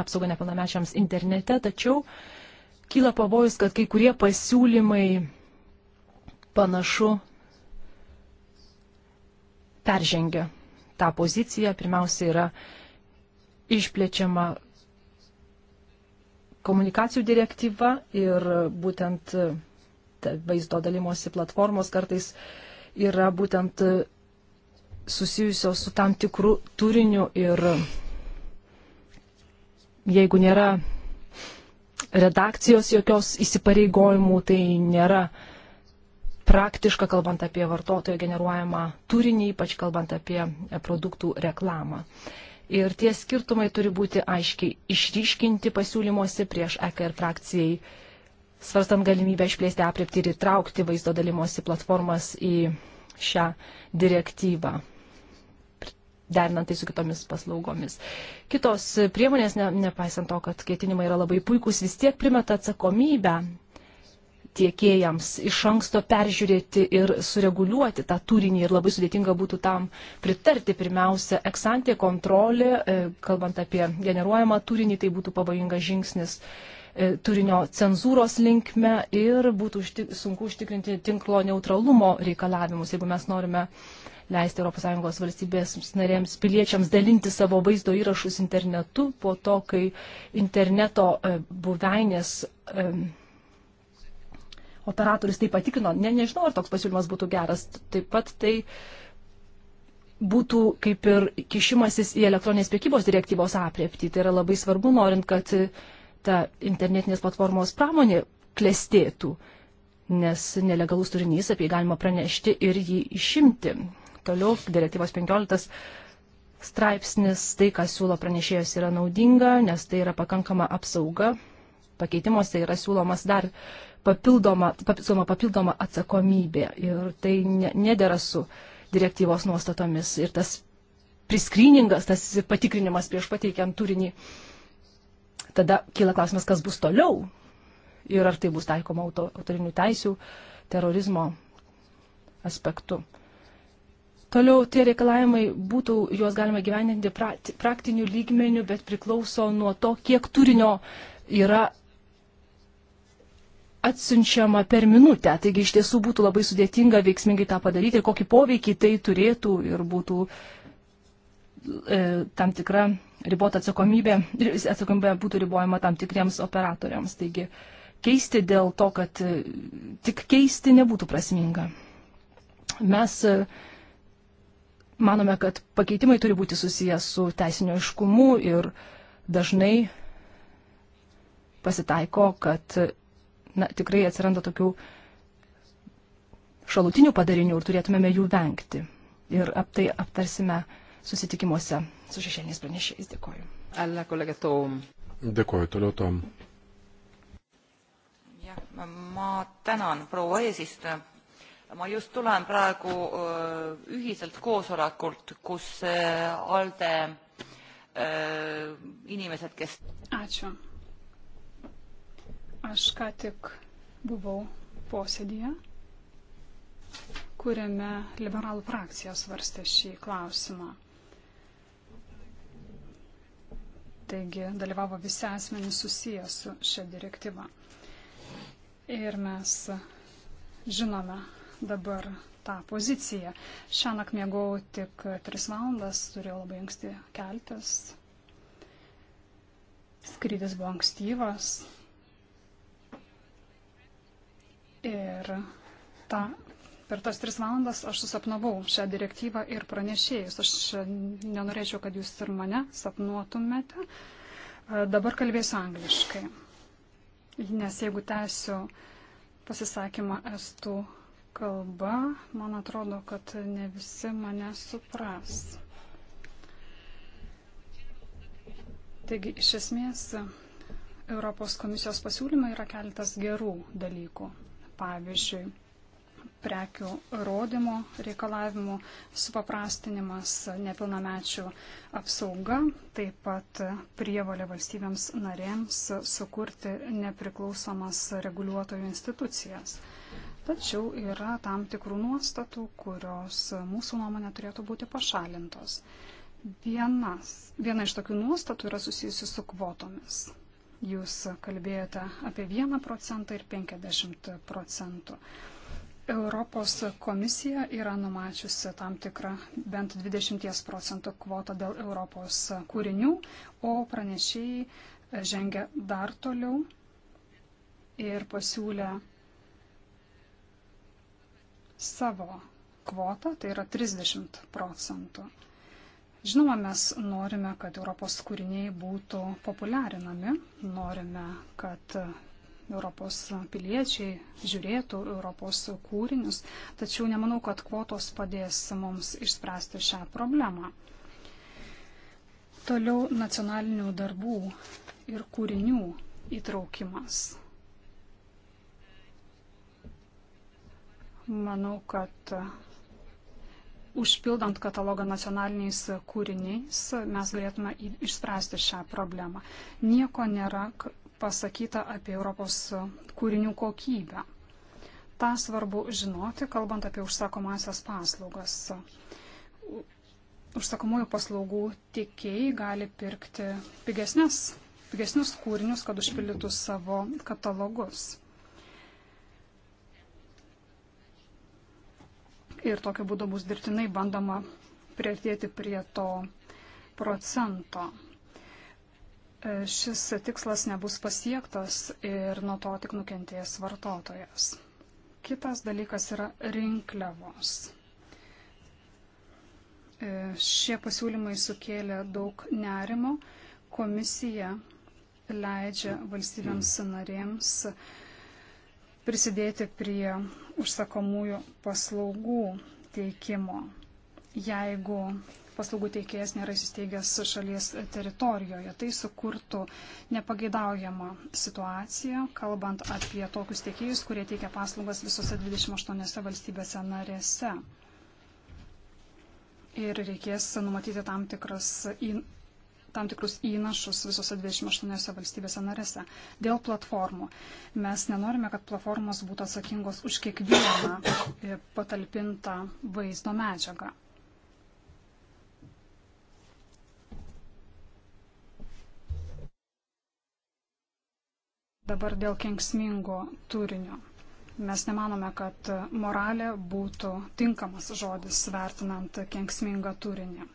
apsaugą nepilnamečiams internete, tačiau kyla pavojus, kad kai kurie pasiūlymai panašu peržengia tą poziciją. Pirmiausia yra išplečiama komunikacijų direktyva ir būtent vaizdo dalymosi platformos kartais yra būtent susijusios su tam tikru turiniu ir jeigu nėra redakcijos jokios įsipareigojimų, tai nėra uh, praktiška, kalbant apie vartotojo generuojamą turinį, ypač kalbant apie e, produktų reklamą. Ir tie skirtumai turi būti aiškiai išryškinti pasiūlymuose prieš EKR frakcijai, svarstant galimybę išplėsti apriepti ir įtraukti vaizdo dalymosi platformas į šią direktyvą derinant tai su kitomis paslaugomis. Kitos priemonės, ne, nepaisant to, kad ketinimai yra labai puikūs, vis tiek primeta atsakomybę tiekėjams iš anksto peržiūrėti ir sureguliuoti tą turinį ir labai sudėtinga būtų tam pritarti. Pirmiausia, eksantė kontrolė, e, kalbant apie generuojamą turinį, tai būtų pavojingas žingsnis e, turinio cenzūros linkme ir būtų užtik, sunku užtikrinti tinklo neutralumo reikalavimus, jeigu mes norime leisti ES valstybės narėms piliečiams dalinti savo vaizdo įrašus internetu po to, kai interneto e, buveinės operatorius tai patikrino. Ne, nežinau, ar toks pasiūlymas būtų geras. Taip pat tai būtų kaip ir kišimasis į elektroninės priekybos direktyvos apriepti. Tai yra labai svarbu, norint, kad ta internetinės platformos pramonė klestėtų, nes nelegalus turinys apie jį galima pranešti ir jį išimti. Toliau direktyvos 15 straipsnis, tai, ką siūlo pranešėjas, yra naudinga, nes tai yra pakankama apsauga. Pakeitimuose yra siūlomas dar papildoma, papildoma, papildoma atsakomybė ir tai nedėra su direktyvos nuostatomis ir tas priskryningas, tas patikrinimas prieš pateikiant turinį, tada kyla klausimas, kas bus toliau ir ar tai bus taikoma auto, autorinių teisių, terorizmo aspektu. Toliau tie reikalavimai būtų, juos galima gyveninti praktiniu lygmeniu, bet priklauso nuo to, kiek turinio yra atsiunčiama per minutę. Taigi iš tiesų būtų labai sudėtinga veiksmingai tą padaryti ir kokį poveikį tai turėtų ir būtų e, tam tikra ribota atsakomybė, atsakomybė būtų ribojama tam tikriems operatoriams. Taigi keisti dėl to, kad e, tik keisti nebūtų prasminga. Mes e, manome, kad pakeitimai turi būti susijęs su teisinio iškumu ir dažnai pasitaiko, kad na, tikrai atsiranda tokių šalutinių padarinių ir turėtumėme jų vengti. Ir ap tai aptarsime susitikimuose su šešėliniais pranešėjais. Dėkoju. Alla kolega Tom. Dėkoju, toliau Tom. Jah, ma tänan, proua eesistuja. Ma just tulen praegu ühiselt koosolekult, kus ALDE inimesed, kes... Ačiū. Aš ką tik buvau posėdėje, kuriame liberalų frakcija svarstė šį klausimą. Taigi dalyvavo visi asmenys susiję su šia direktyva. Ir mes žinome dabar tą poziciją. Šią naktį mėgau tik 3 valandas, turėjau labai anksti keltis. Skrydis buvo ankstyvas, Ir ta, per tas tris valandas aš susapnavau šią direktyvą ir pranešėjus. Aš nenorėčiau, kad jūs ir mane sapnuotumėte. Dabar kalbėsiu angliškai. Nes jeigu tęsiu pasisakymą estų kalba, man atrodo, kad ne visi mane supras. Taigi, iš esmės, Europos komisijos pasiūlyme yra keletas gerų dalykų pavyzdžiui, prekių rodymo reikalavimų supaprastinimas, nepilnamečių apsauga, taip pat prievalė valstybėms narėms sukurti nepriklausomas reguliuotojų institucijas. Tačiau yra tam tikrų nuostatų, kurios mūsų nuomonė turėtų būti pašalintos. Vienas, viena iš tokių nuostatų yra susijusi su kvotomis. Jūs kalbėjote apie 1 procentą ir 50 procentų. Europos komisija yra numačiusi tam tikrą bent 20 procentų kvotą dėl Europos kūrinių, o pranešėjai žengia dar toliau ir pasiūlė savo kvotą, tai yra 30 procentų. Žinoma, mes norime, kad Europos kūriniai būtų populiarinami, norime, kad Europos piliečiai žiūrėtų Europos kūrinius, tačiau nemanau, kad kvotos padės mums išspręsti šią problemą. Toliau nacionalinių darbų ir kūrinių įtraukimas. Manau, kad užpildant katalogą nacionaliniais kūriniais, mes galėtume išspręsti šią problemą. Nieko nėra pasakyta apie Europos kūrinių kokybę. Ta svarbu žinoti, kalbant apie užsakomasias paslaugas. Užsakomųjų paslaugų tiekėjai gali pirkti pigesnės, pigesnius kūrinius, kad užpildytų savo katalogus. ir tokiu būdu bus dirbtinai bandoma prieartėti prie to procento. E, šis tikslas nebus pasiektas ir nuo to tik nukentės vartotojas. Kitas dalykas yra rinkliavos. E, šie pasiūlymai sukėlė daug nerimo. Komisija leidžia valstybėms narėms uh, prisidėti prie užsakomųjų paslaugų teikimo, jeigu paslaugų teikėjas nėra įsisteigęs šalies teritorijoje. Tai sukurtų nepageidaujamą situaciją, kalbant apie tokius teikėjus, kurie teikia paslaugas visose 28 valstybėse narėse. Ir reikės numatyti tam tikras tam tikrus įnašus visose 28 valstybėse narėse. Dėl platformų. Mes nenorime, kad platformos būtų atsakingos už kiekvieną e, patalpintą vaizdo medžiagą. Dabar dėl kenksmingo turinio. Mes nemanome, kad moralė būtų tinkamas žodis vertinant kenksmingą turinį.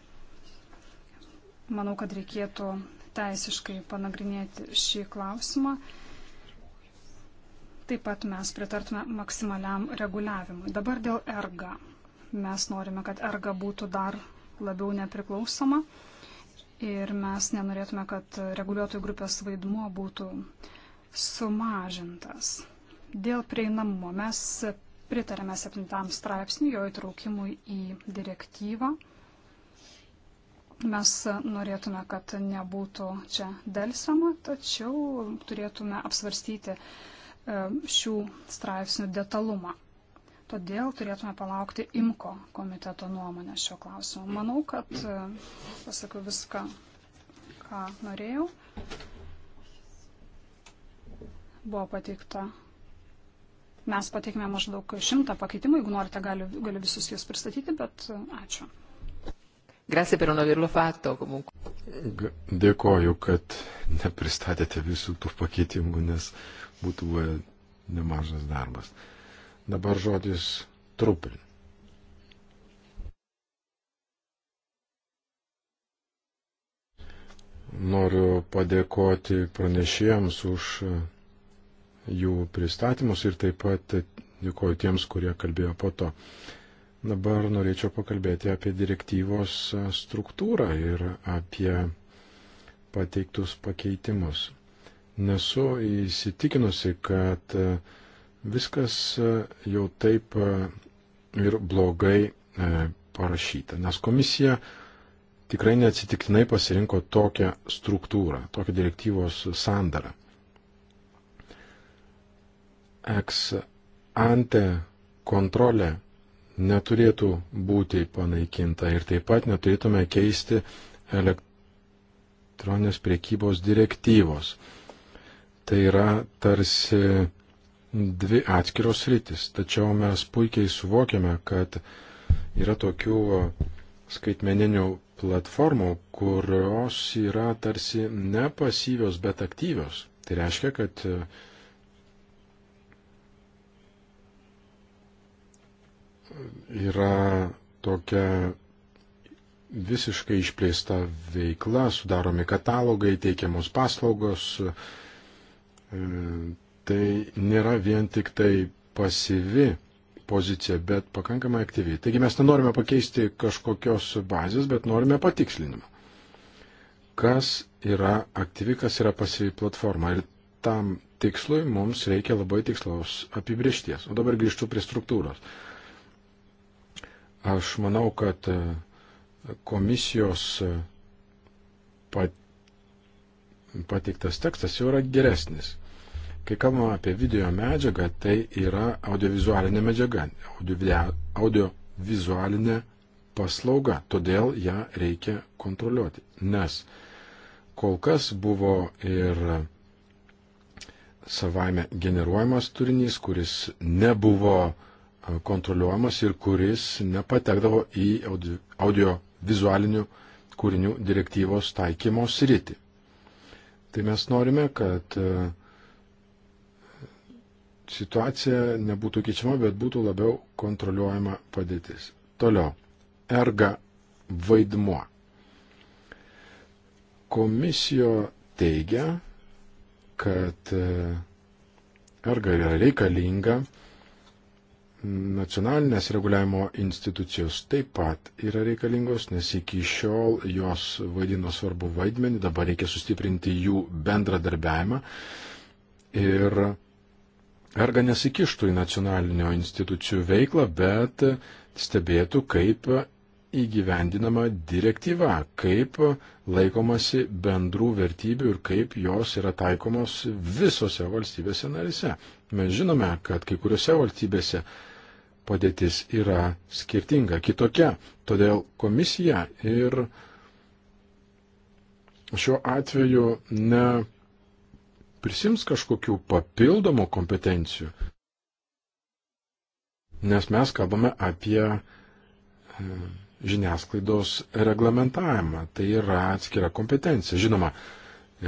Manau, kad reikėtų teisiškai panagrinėti šį klausimą. Taip pat mes pritartume maksimaliam reguliavimui. Dabar dėl erga. Mes norime, kad erga būtų dar labiau nepriklausoma ir mes nenorėtume, kad reguliuotojų grupės vaidmuo būtų sumažintas. Dėl prieinamumo mes pritarėme 7 straipsnių jo įtraukimui į direktyvą. Mes norėtume, kad nebūtų čia dėlsama, tačiau turėtume apsvarstyti e, šių straipsnių detalumą. Todėl turėtume palaukti IMKO komiteto nuomonę šio klausimu. Manau, kad e, pasakiau viską, ką norėjau. Buvo pateikta. Mes pateikėme maždaug šimtą pakeitimų, jeigu norite, galiu, galiu visus juos pristatyti, bet e, ačiū. Grazie per non averlo fatto comunque. Dėkoju, kad nepristatėte visų tų pakeitimų, nes būtų buvę nemažas darbas. Dabar žodis trupin. Noriu padėkoti pranešėjams už jų pristatymus ir taip pat dėkoju tiems, kurie kalbėjo po to. Uh, Dabar norėčiau pakalbėti apie direktyvos struktūrą ir apie pateiktus pakeitimus. Nesu įsitikinusi, kad viskas jau taip ir blogai e, parašyta, nes komisija tikrai neatsitiktinai pasirinko tokią struktūrą, tokią direktyvos sandarą. Ex ante kontrolė neturėtų būti panaikinta ir taip pat neturėtume keisti elektroninės priekybos direktyvos. Tai yra tarsi dvi atskiros rytis, tačiau mes puikiai suvokiame, kad yra tokių skaitmeninių platformų, kurios yra tarsi nepasyvios, bet aktyvios. Tai reiškia, kad yra tokia visiškai išplėsta veikla, sudaromi katalogai, teikiamos paslaugos. E, tai nėra vien tik tai pasyvi pozicija, bet pakankamai aktyvi. Taigi mes nenorime pakeisti kažkokios bazės, bet norime patikslinimą. Kas yra aktyvi, kas yra pasyvi platforma. Ir tam tikslui mums reikia labai tikslaus apibriešties. O dabar grįžtu prie struktūros. Uh, Aš manau, kad e, komisijos e, pateiktas tekstas jau yra geresnis. Kai kalbame apie video medžiagą, tai yra audiovizualinė medžiaga, audiovizualinė paslauga, todėl ją reikia kontroliuoti. Nes kol kas buvo ir savaime generuojamas turinys, kuris nebuvo uh, kontroliuojamas ir kuris nepatekdavo į audiovizualinių kūrinių direktyvos taikymo sritį. Tai mes norime, kad e, situacija nebūtų keičiama, bet būtų labiau kontroliuojama padėtis. Toliau. Erga vaidmuo. Komisijo teigia, kad e, erga yra reikalinga nacionalinės reguliavimo institucijos taip pat yra reikalingos, nes iki šiol jos vaidino svarbu vaidmenį, dabar reikia sustiprinti jų bendradarbiavimą ir arga nesikištų į nacionalinio institucijų veiklą, bet stebėtų, kaip įgyvendinama direktyva, kaip laikomasi bendrų vertybių ir kaip jos yra taikomos visose valstybėse narise. Mes žinome, kad kai kuriuose valstybėse padėtis yra skirtinga, kitokia. Todėl komisija ir šiuo atveju ne prisims kažkokių papildomų kompetencijų, nes mes kalbame apie e, žiniasklaidos reglamentavimą. Tai yra atskira kompetencija. Žinoma,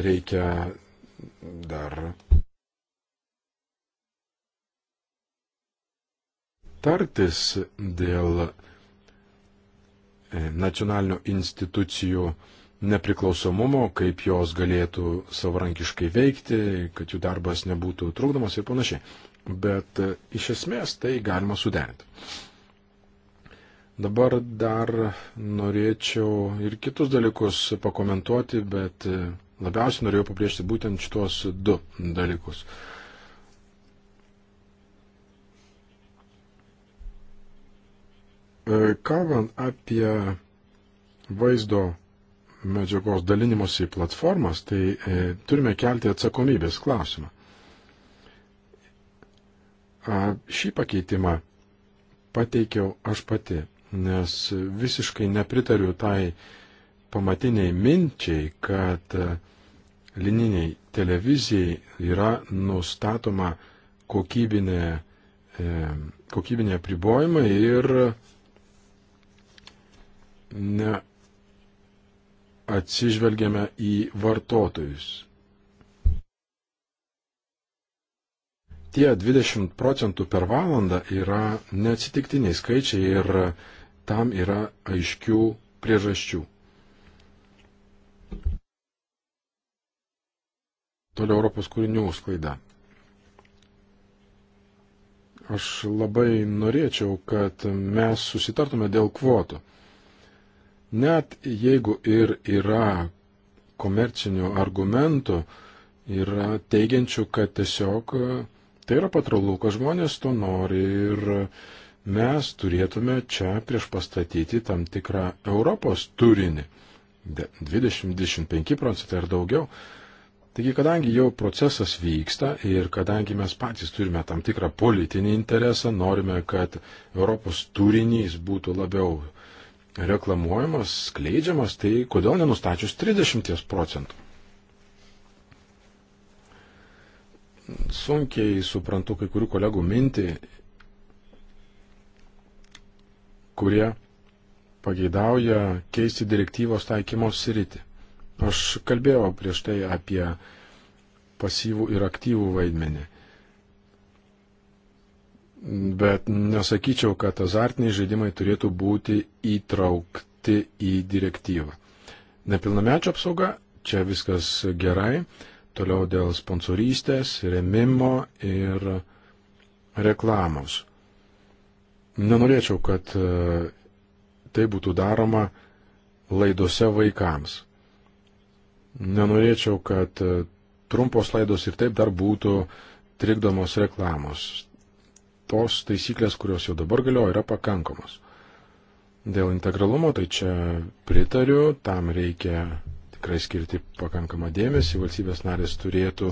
reikia dar tartis dėl e, nacionalinių institucijų nepriklausomumo, kaip jos galėtų savarankiškai veikti, kad jų darbas nebūtų trukdomas ir panašiai. Bet e, iš esmės tai galima suderinti. Dabar dar norėčiau ir kitus dalykus pakomentuoti, bet e, labiausiai norėjau pabrėžti būtent šitos du dalykus. E, kalbant apie vaizdo medžiagos dalinimuose į platformas, tai e, turime kelti atsakomybės klausimą. A, šį pakeitimą pateikiau aš pati, nes visiškai nepritariu tai pamatiniai minčiai, kad e, lininiai televizijai yra nustatoma kokybinė, e, kokybinė apribojimai ir neatsižvelgiame į vartotojus. Tie 20 procentų per valandą yra neatsitiktiniai skaičiai ir tam yra aiškių priežasčių. Toliau Europos kūrinių sklaida. Aš labai norėčiau, kad mes susitartume dėl kvotų. Net jeigu ir yra komercinių argumentų, yra teigiančių, kad tiesiog e, tai yra patraulu, kad žmonės to nori ir mes turėtume čia prieš pastatyti tam tikrą Europos turinį. 20-25 procentai ar daugiau. Taigi, kadangi jau procesas vyksta ir kadangi mes patys turime tam tikrą politinį interesą, norime, kad Europos turinys būtų labiau reklamuojamas, skleidžiamas, tai kodėl nenustačius 30 procentų? Sunkiai suprantu kai kurių kolegų mintį, kurie pageidauja keisti direktyvos taikymos sritį. Aš kalbėjau prieš tai apie pasyvų ir aktyvų vaidmenį bet nesakyčiau, kad azartiniai žaidimai turėtų būti įtraukti į direktyvą. Nepilnamečio apsauga, čia viskas gerai, toliau dėl sponsorystės, remimo ir reklamos. Nenorėčiau, kad e, tai būtų daroma laidose vaikams. Nenorėčiau, kad e, trumpos laidos ir taip dar būtų trikdomos reklamos tos taisyklės, kurios jau dabar galioja, yra pakankamos. Dėl integralumo, tai čia pritariu, tam reikia tikrai skirti pakankamą dėmesį, valstybės narės turėtų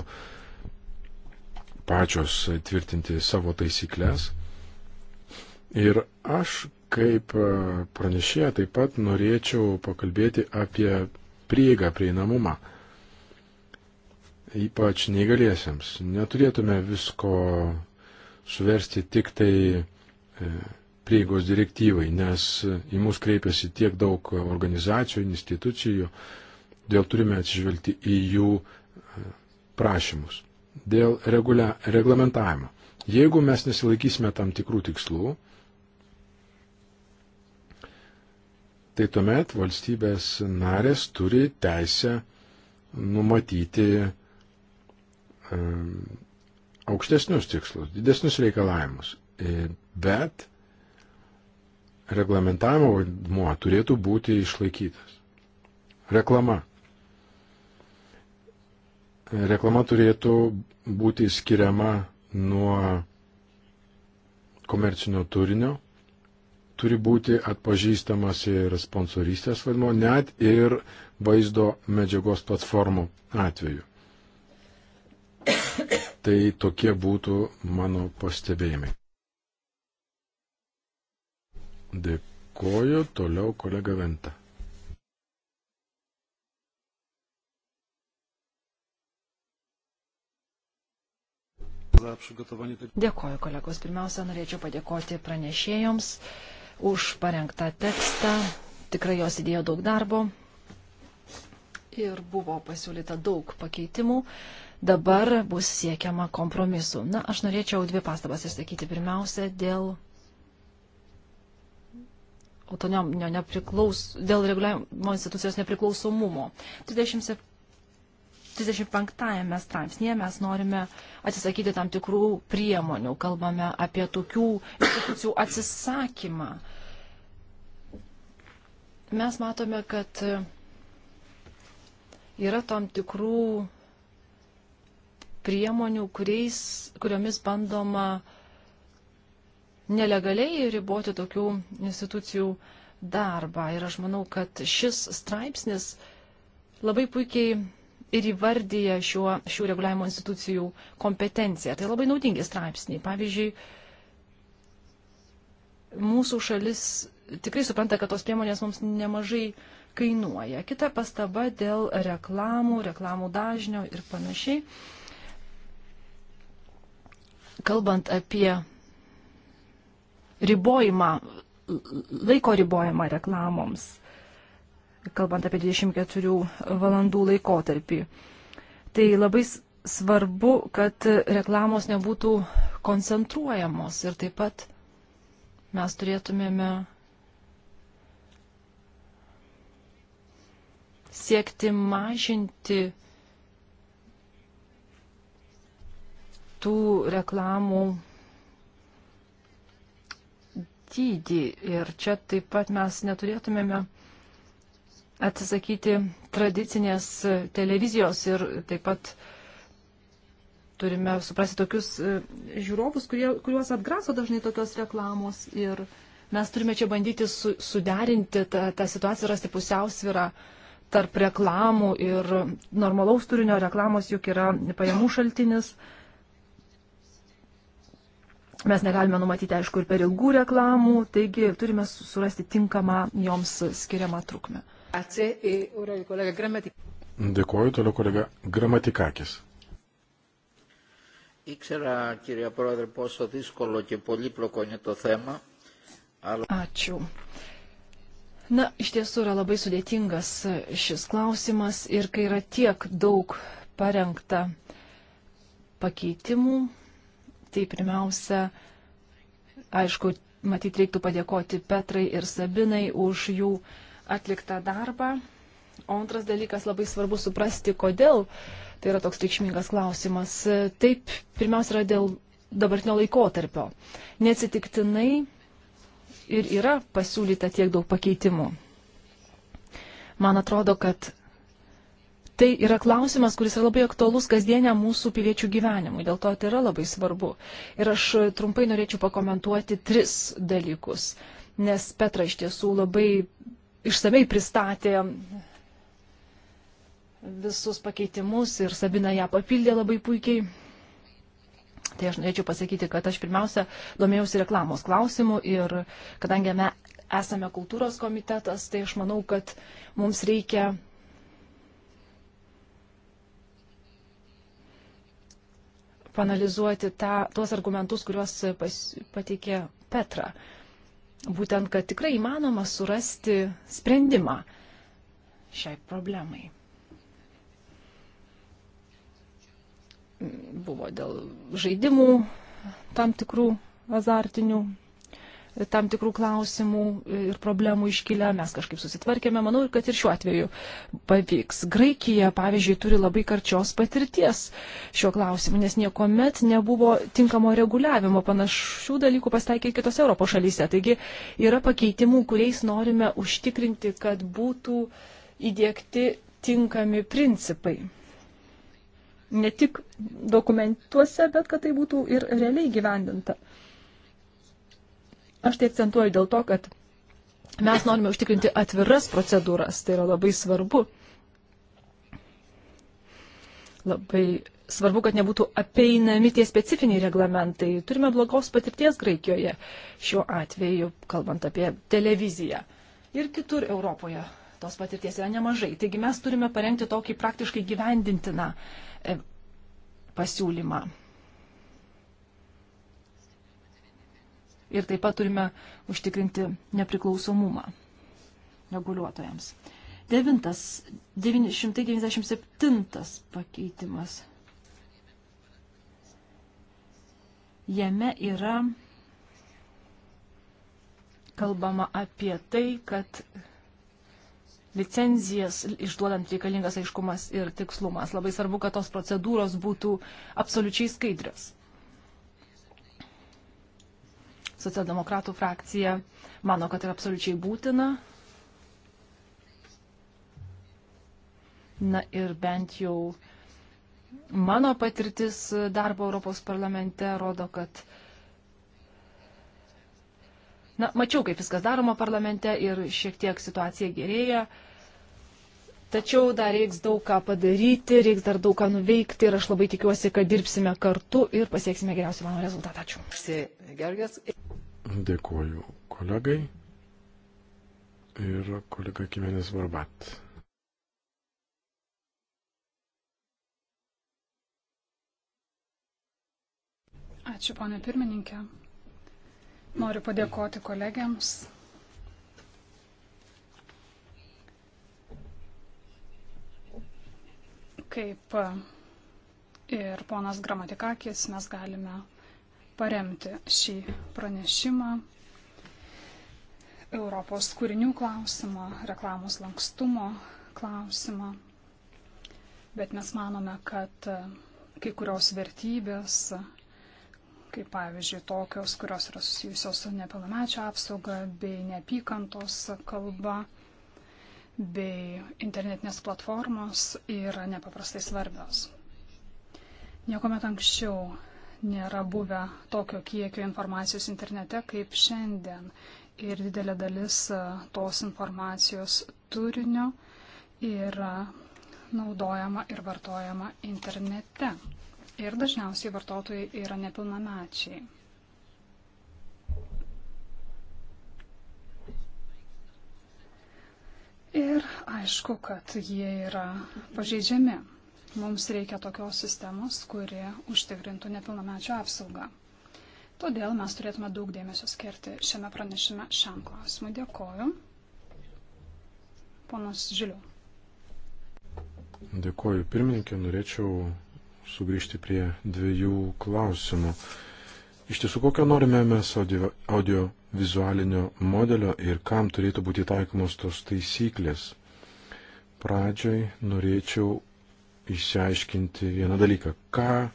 pačios tvirtinti savo taisyklės. Ir aš kaip pranešėja taip pat norėčiau pakalbėti apie prieigą prieinamumą. Ypač neįgaliesiems. Neturėtume visko suversti tik tai e, prieigos direktyvai, nes e, į mus kreipiasi tiek daug organizacijų, institucijų, dėl turime atsižvelgti į jų e, prašymus. Dėl regulia, reglamentavimo. Jeigu mes nesilaikysime tam tikrų tikslų, tai tuomet valstybės narės turi teisę numatyti um, aukštesnius tikslus, didesnius reikalavimus. E, bet reglamentavimo vaidmuo turėtų būti išlaikytas. Reklama. Reklama turėtų būti skiriama nuo komercinio turinio, turi būti atpažįstamas ir sponsorystės vaidmo, net ir vaizdo medžiagos platformų atveju. Tai tokie būtų mano pastebėjimai. Dėkoju toliau kolega Venta. Dėkoju kolegos. Pirmiausia, norėčiau padėkoti pranešėjoms už parengtą tekstą. Tikrai jos įdėjo daug darbo ir buvo pasiūlyta daug pakeitimų dabar bus siekiama kompromisu. Na, aš norėčiau dvi pastabas išsakyti. Pirmiausia, dėl autonominio nepriklaus, dėl reguliavimo institucijos nepriklausomumo. 37 35 straipsnėje mes norime atsisakyti tam tikrų priemonių, kalbame apie tokių institucijų atsisakymą. Mes matome, kad yra tam tikrų priemonių, kuriais, kuriomis bandoma nelegaliai riboti tokių institucijų darbą. Ir aš manau, kad šis straipsnis labai puikiai ir įvardyja šiuo, šių reguliavimo institucijų kompetenciją. Tai labai naudingi straipsniai. Pavyzdžiui, mūsų šalis tikrai supranta, kad tos priemonės mums nemažai kainuoja. Kita pastaba dėl reklamų, reklamų dažnio ir panašiai kalbant apie ribojimą, laiko ribojimą reklamoms, kalbant apie 24 valandų laikotarpį, tai labai svarbu, kad reklamos nebūtų koncentruojamos ir taip pat mes turėtumėme siekti mažinti tų reklamų dydį. Ir čia taip pat mes neturėtumėme atsisakyti tradicinės televizijos ir taip pat turime suprasti tokius e, žiūrovus, kurie, kuriuos atgraso dažnai tokios reklamos. Ir mes turime čia bandyti su, suderinti tą, tą situaciją, rasti pusiausvyrą tarp reklamų ir normalaus turinio reklamos juk yra pajamų šaltinis. Uh, Mes negalime numatyti, aišku, ir per ilgų reklamų, taigi turime surasti tinkamą joms skiriamą trukmę. E Dėkuoju, toliau kolega Gramatikakis. Ήξερα, κυρία Πρόεδρε, πόσο δύσκολο και πολύπλοκο είναι το θέμα. Αλλά... Ačiū. Na, iš tiesų yra labai sudėtingas šis klausimas ir kai yra tiek daug parengta pakeitimų, tai pirmiausia, aišku, matyt, reiktų padėkoti Petrai ir Sabinai už jų atliktą darbą. O antras dalykas labai svarbu suprasti, kodėl tai yra toks reikšmingas klausimas. Taip, pirmiausia, yra dėl dabartinio laikotarpio. Neatsitiktinai ir yra pasiūlyta tiek daug pakeitimų. Man atrodo, kad tai yra klausimas, kuris yra labai aktualus kasdieniam mūsų piliečių gyvenimui, dėl to tai yra labai svarbu. Ir aš trumpai norėčiau pakomentuoti tris dalykus, nes Petra iš tiesų labai išsamei pristatė visus pakeitimus ir Sabina ją papildė labai puikiai. Tai aš norėčiau pasakyti, kad aš pirmiausia domėjausi reklamos klausimų ir kadangi mes esame kultūros komitetas, tai aš manau, kad mums reikia panalizuoti tą, tuos argumentus, kuriuos pas, pateikė Petra. Būtent, kad tikrai įmanoma surasti sprendimą šiai problemai. Buvo dėl žaidimų tam tikrų azartinių tam tikrų klausimų ir problemų iškilę, mes kažkaip susitvarkėme, manau, kad ir šiuo atveju pavyks. Graikija, pavyzdžiui, turi labai karčios patirties šiuo klausimu, nes niekuomet nebuvo tinkamo reguliavimo, panašių dalykų pasteikė kitose Europos šalyse. Taigi yra pakeitimų, kuriais norime užtikrinti, kad būtų įdėkti tinkami principai. Ne tik dokumentuose, bet kad tai būtų ir realiai gyvendinta. Aš tai akcentuoju dėl to, kad mes norime užtikrinti atviras procedūras, tai yra labai svarbu. Labai svarbu, kad nebūtų apeinami tie specifiniai reglamentai. Turime blogos patirties Graikijoje šiuo atveju, kalbant apie televiziją. Ir kitur Europoje tos patirties yra nemažai. Taigi mes turime parengti tokį praktiškai gyvendintiną e, pasiūlymą. ir taip pat turime užtikrinti nepriklausomumą reguliuotojams. Devintas, 997 pakeitimas. Jame yra kalbama apie tai, kad licenzijas išduodant reikalingas aiškumas ir tikslumas. Labai svarbu, kad tos procedūros būtų absoliučiai skaidrios. Socialdemokratų frakcija mano, kad tai yra absoliučiai būtina. Na ir bent jau mano patirtis darbo Europos parlamente rodo, kad Na, mačiau, kaip viskas daroma parlamente ir šiek tiek situacija gerėja. Tačiau dar reiks daug ką padaryti, reiks dar daug ką nuveikti ir aš labai tikiuosi, kad dirbsime kartu ir pasieksime geriausią mano rezultatą. Ačiū. Dėkuoju kolegai ir kolega Kimenis Varbat. Ačiū, ponė pirmininkė. Noriu padėkoti kolegiams. Kaip ir ponas Gramatikakis, mes galime paremti šį pranešimą. Europos kūrinių klausimą, reklamos lankstumo klausimą. Bet mes manome, kad e, kai kurios vertybės, kaip pavyzdžiui tokios, kurios yra susijusios su nepilnamečio apsauga bei neapykantos kalba, bei internetinės platformos yra nepaprastai svarbios. Niekuomet anksčiau nėra buvę tokio kiekio informacijos internete kaip šiandien. Ir didelė dalis e, tos informacijos turinio yra naudojama ir vartojama internete. Ir dažniausiai vartotojai yra nepilnamečiai. Ir aišku, kad jie yra pažeidžiami. Mums reikia tokios sistemos, kuri užtikrintų nepilnamečio apsaugą. Todėl mes turėtume daug dėmesio skirti šiame pranešime šiam klausimui. Dėkoju. Ponas Žiliu. Dėkoju. Pirmininkė, norėčiau sugrįžti prie dviejų klausimų. Iš tiesų, kokio norime mes audio, audio vizualinio modelio ir kam turėtų būti taikomos tos taisyklės? Pradžiai norėčiau išsiaiškinti vieną dalyką. Ką,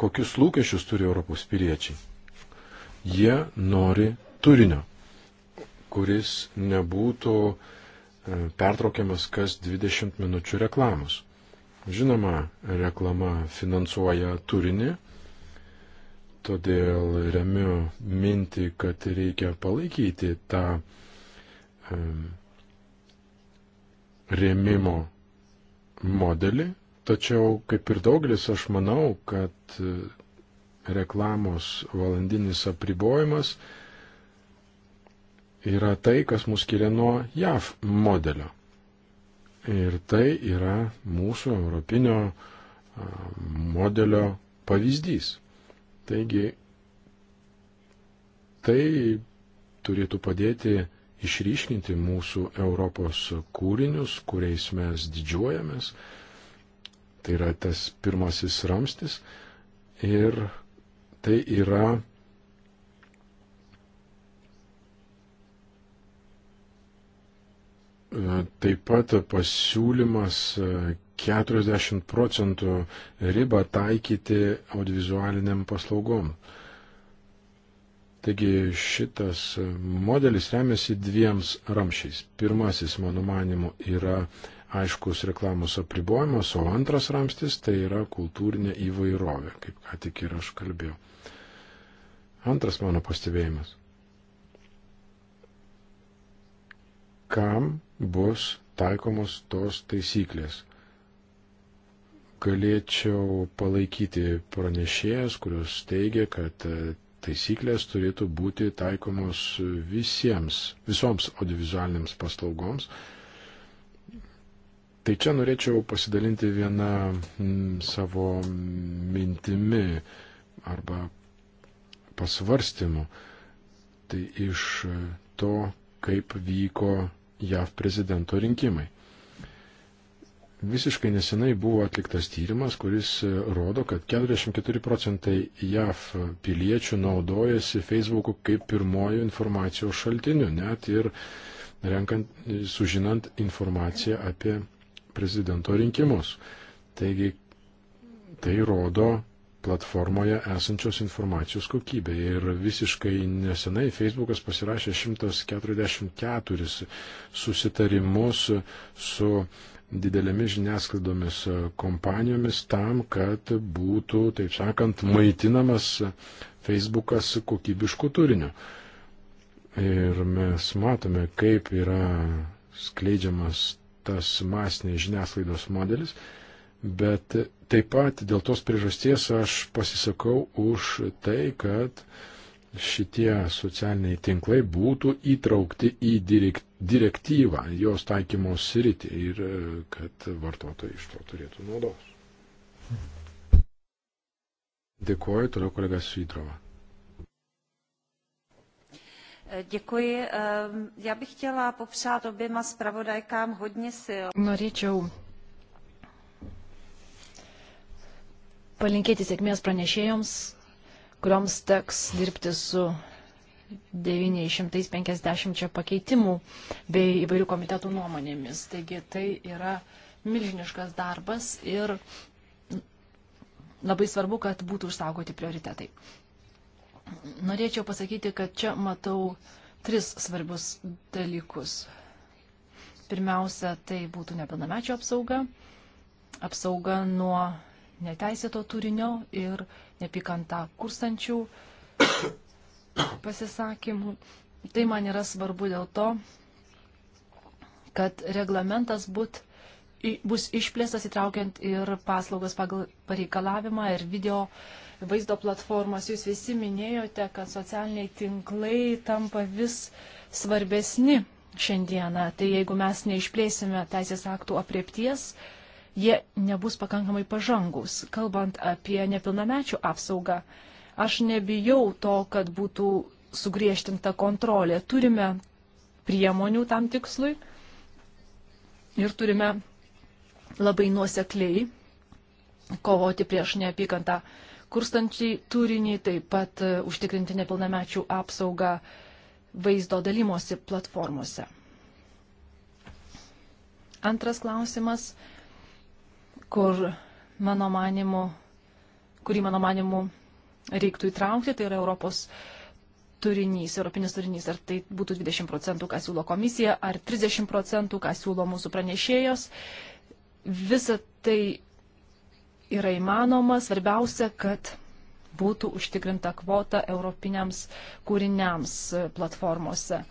kokius lūkesčius turi Europos piliečiai? Jie nori turinio, kuris nebūtų e, pertraukiamas kas 20 minučių reklamos. Žinoma, reklama finansuoja turinį, todėl remiu mintį, kad reikia palaikyti tą rėmimo modelį, tačiau kaip ir daugelis aš manau, kad e, reklamos valandinis apribojimas yra tai, kas mus skiria nuo JAV modelio. Ir tai yra mūsų europinio modelio pavyzdys. Taigi, tai turėtų padėti išryškinti mūsų Europos kūrinius, kuriais mes didžiuojamės. Tai yra tas pirmasis ramstis. Ir tai yra taip pat pasiūlymas 40 procentų ribą taikyti audiovizualiniam paslaugom. Taigi šitas modelis remiasi dviems ramšiais. Pirmasis, mano manimu, yra aiškus reklamos apribojimas, o antras ramstis tai yra kultūrinė įvairovė, kaip ką tik ir aš kalbėjau. Antras mano pastebėjimas. Kam bus taikomos tos taisyklės? Galėčiau palaikyti pranešėjas, kurios teigia, kad taisyklės turėtų būti taikomos visiems, visoms audiovizualinėms paslaugoms. Tai čia norėčiau pasidalinti vieną m, mm, savo mintimi arba pasvarstymu. Tai iš to, kaip vyko JAV prezidento rinkimai. Visiškai nesenai buvo atliktas tyrimas, kuris e, rodo, kad 44 procentai JAV piliečių naudojasi Facebook'u kaip pirmojo informacijos šaltiniu, net ir renkant, sužinant informaciją apie prezidento rinkimus. Taigi tai rodo platformoje esančios informacijos kokybė. Ir visiškai nesenai Facebookas pasirašė 144 susitarimus su didelėmis žiniasklaidomis kompanijomis tam, kad būtų, taip sakant, maitinamas Facebookas kokybišku turiniu. Ir mes matome, kaip yra skleidžiamas tas masinės žiniasklaidos modelis, bet taip pat dėl tos priežasties aš pasisakau už tai, kad šitie socialiniai tinklai būtų įtraukti į direktyvą, jos taikymos sritį ir e, kad vartotojai iš to turėtų naudos. Dėkuoju, toliau kolega Svidrova. E, děkuji. E, já bych chtěla popřát oběma zpravodajkám hodně sil. Norėčiau palinkėti sėkmės pranešėjoms, kurioms teks dirbti su 950 pakeitimų bei įvairių komitetų nuomonėmis. Taigi tai yra milžiniškas darbas ir labai svarbu, kad būtų užsaugoti prioritetai. Norėčiau pasakyti, kad čia matau tris svarbius dalykus. Pirmiausia, tai būtų nepilnamečio apsauga, apsauga nuo neteisėto turinio ir nepykantą kurstančių pasisakymų. Tai man yra svarbu dėl to, kad reglamentas būt, bus išplėstas įtraukiant ir paslaugas pagal pareikalavimą ir video vaizdo platformas. Jūs visi minėjote, kad socialiniai tinklai tampa vis svarbesni šiandieną. Tai jeigu mes neišplėsime teisės aktų apriepties, jie nebus pakankamai pažangus. Kalbant apie nepilnamečių apsaugą, aš nebijau to, kad būtų sugriežtinta kontrolė. Turime priemonių tam tikslui ir turime labai nuosekliai kovoti prieš neapykantą kurstančiai turinį, taip pat e, užtikrinti nepilnamečių apsaugą vaizdo dalymosi platformose. Antras klausimas kur mano manimu, kurį mano manimu reiktų įtraukti, tai yra Europos turinys, europinis turinys, ar tai būtų 20 procentų, ką siūlo komisija, ar 30 procentų, ką siūlo mūsų pranešėjos. Visa tai yra įmanoma, svarbiausia, kad būtų užtikrinta kvota europiniams kūriniams platformose.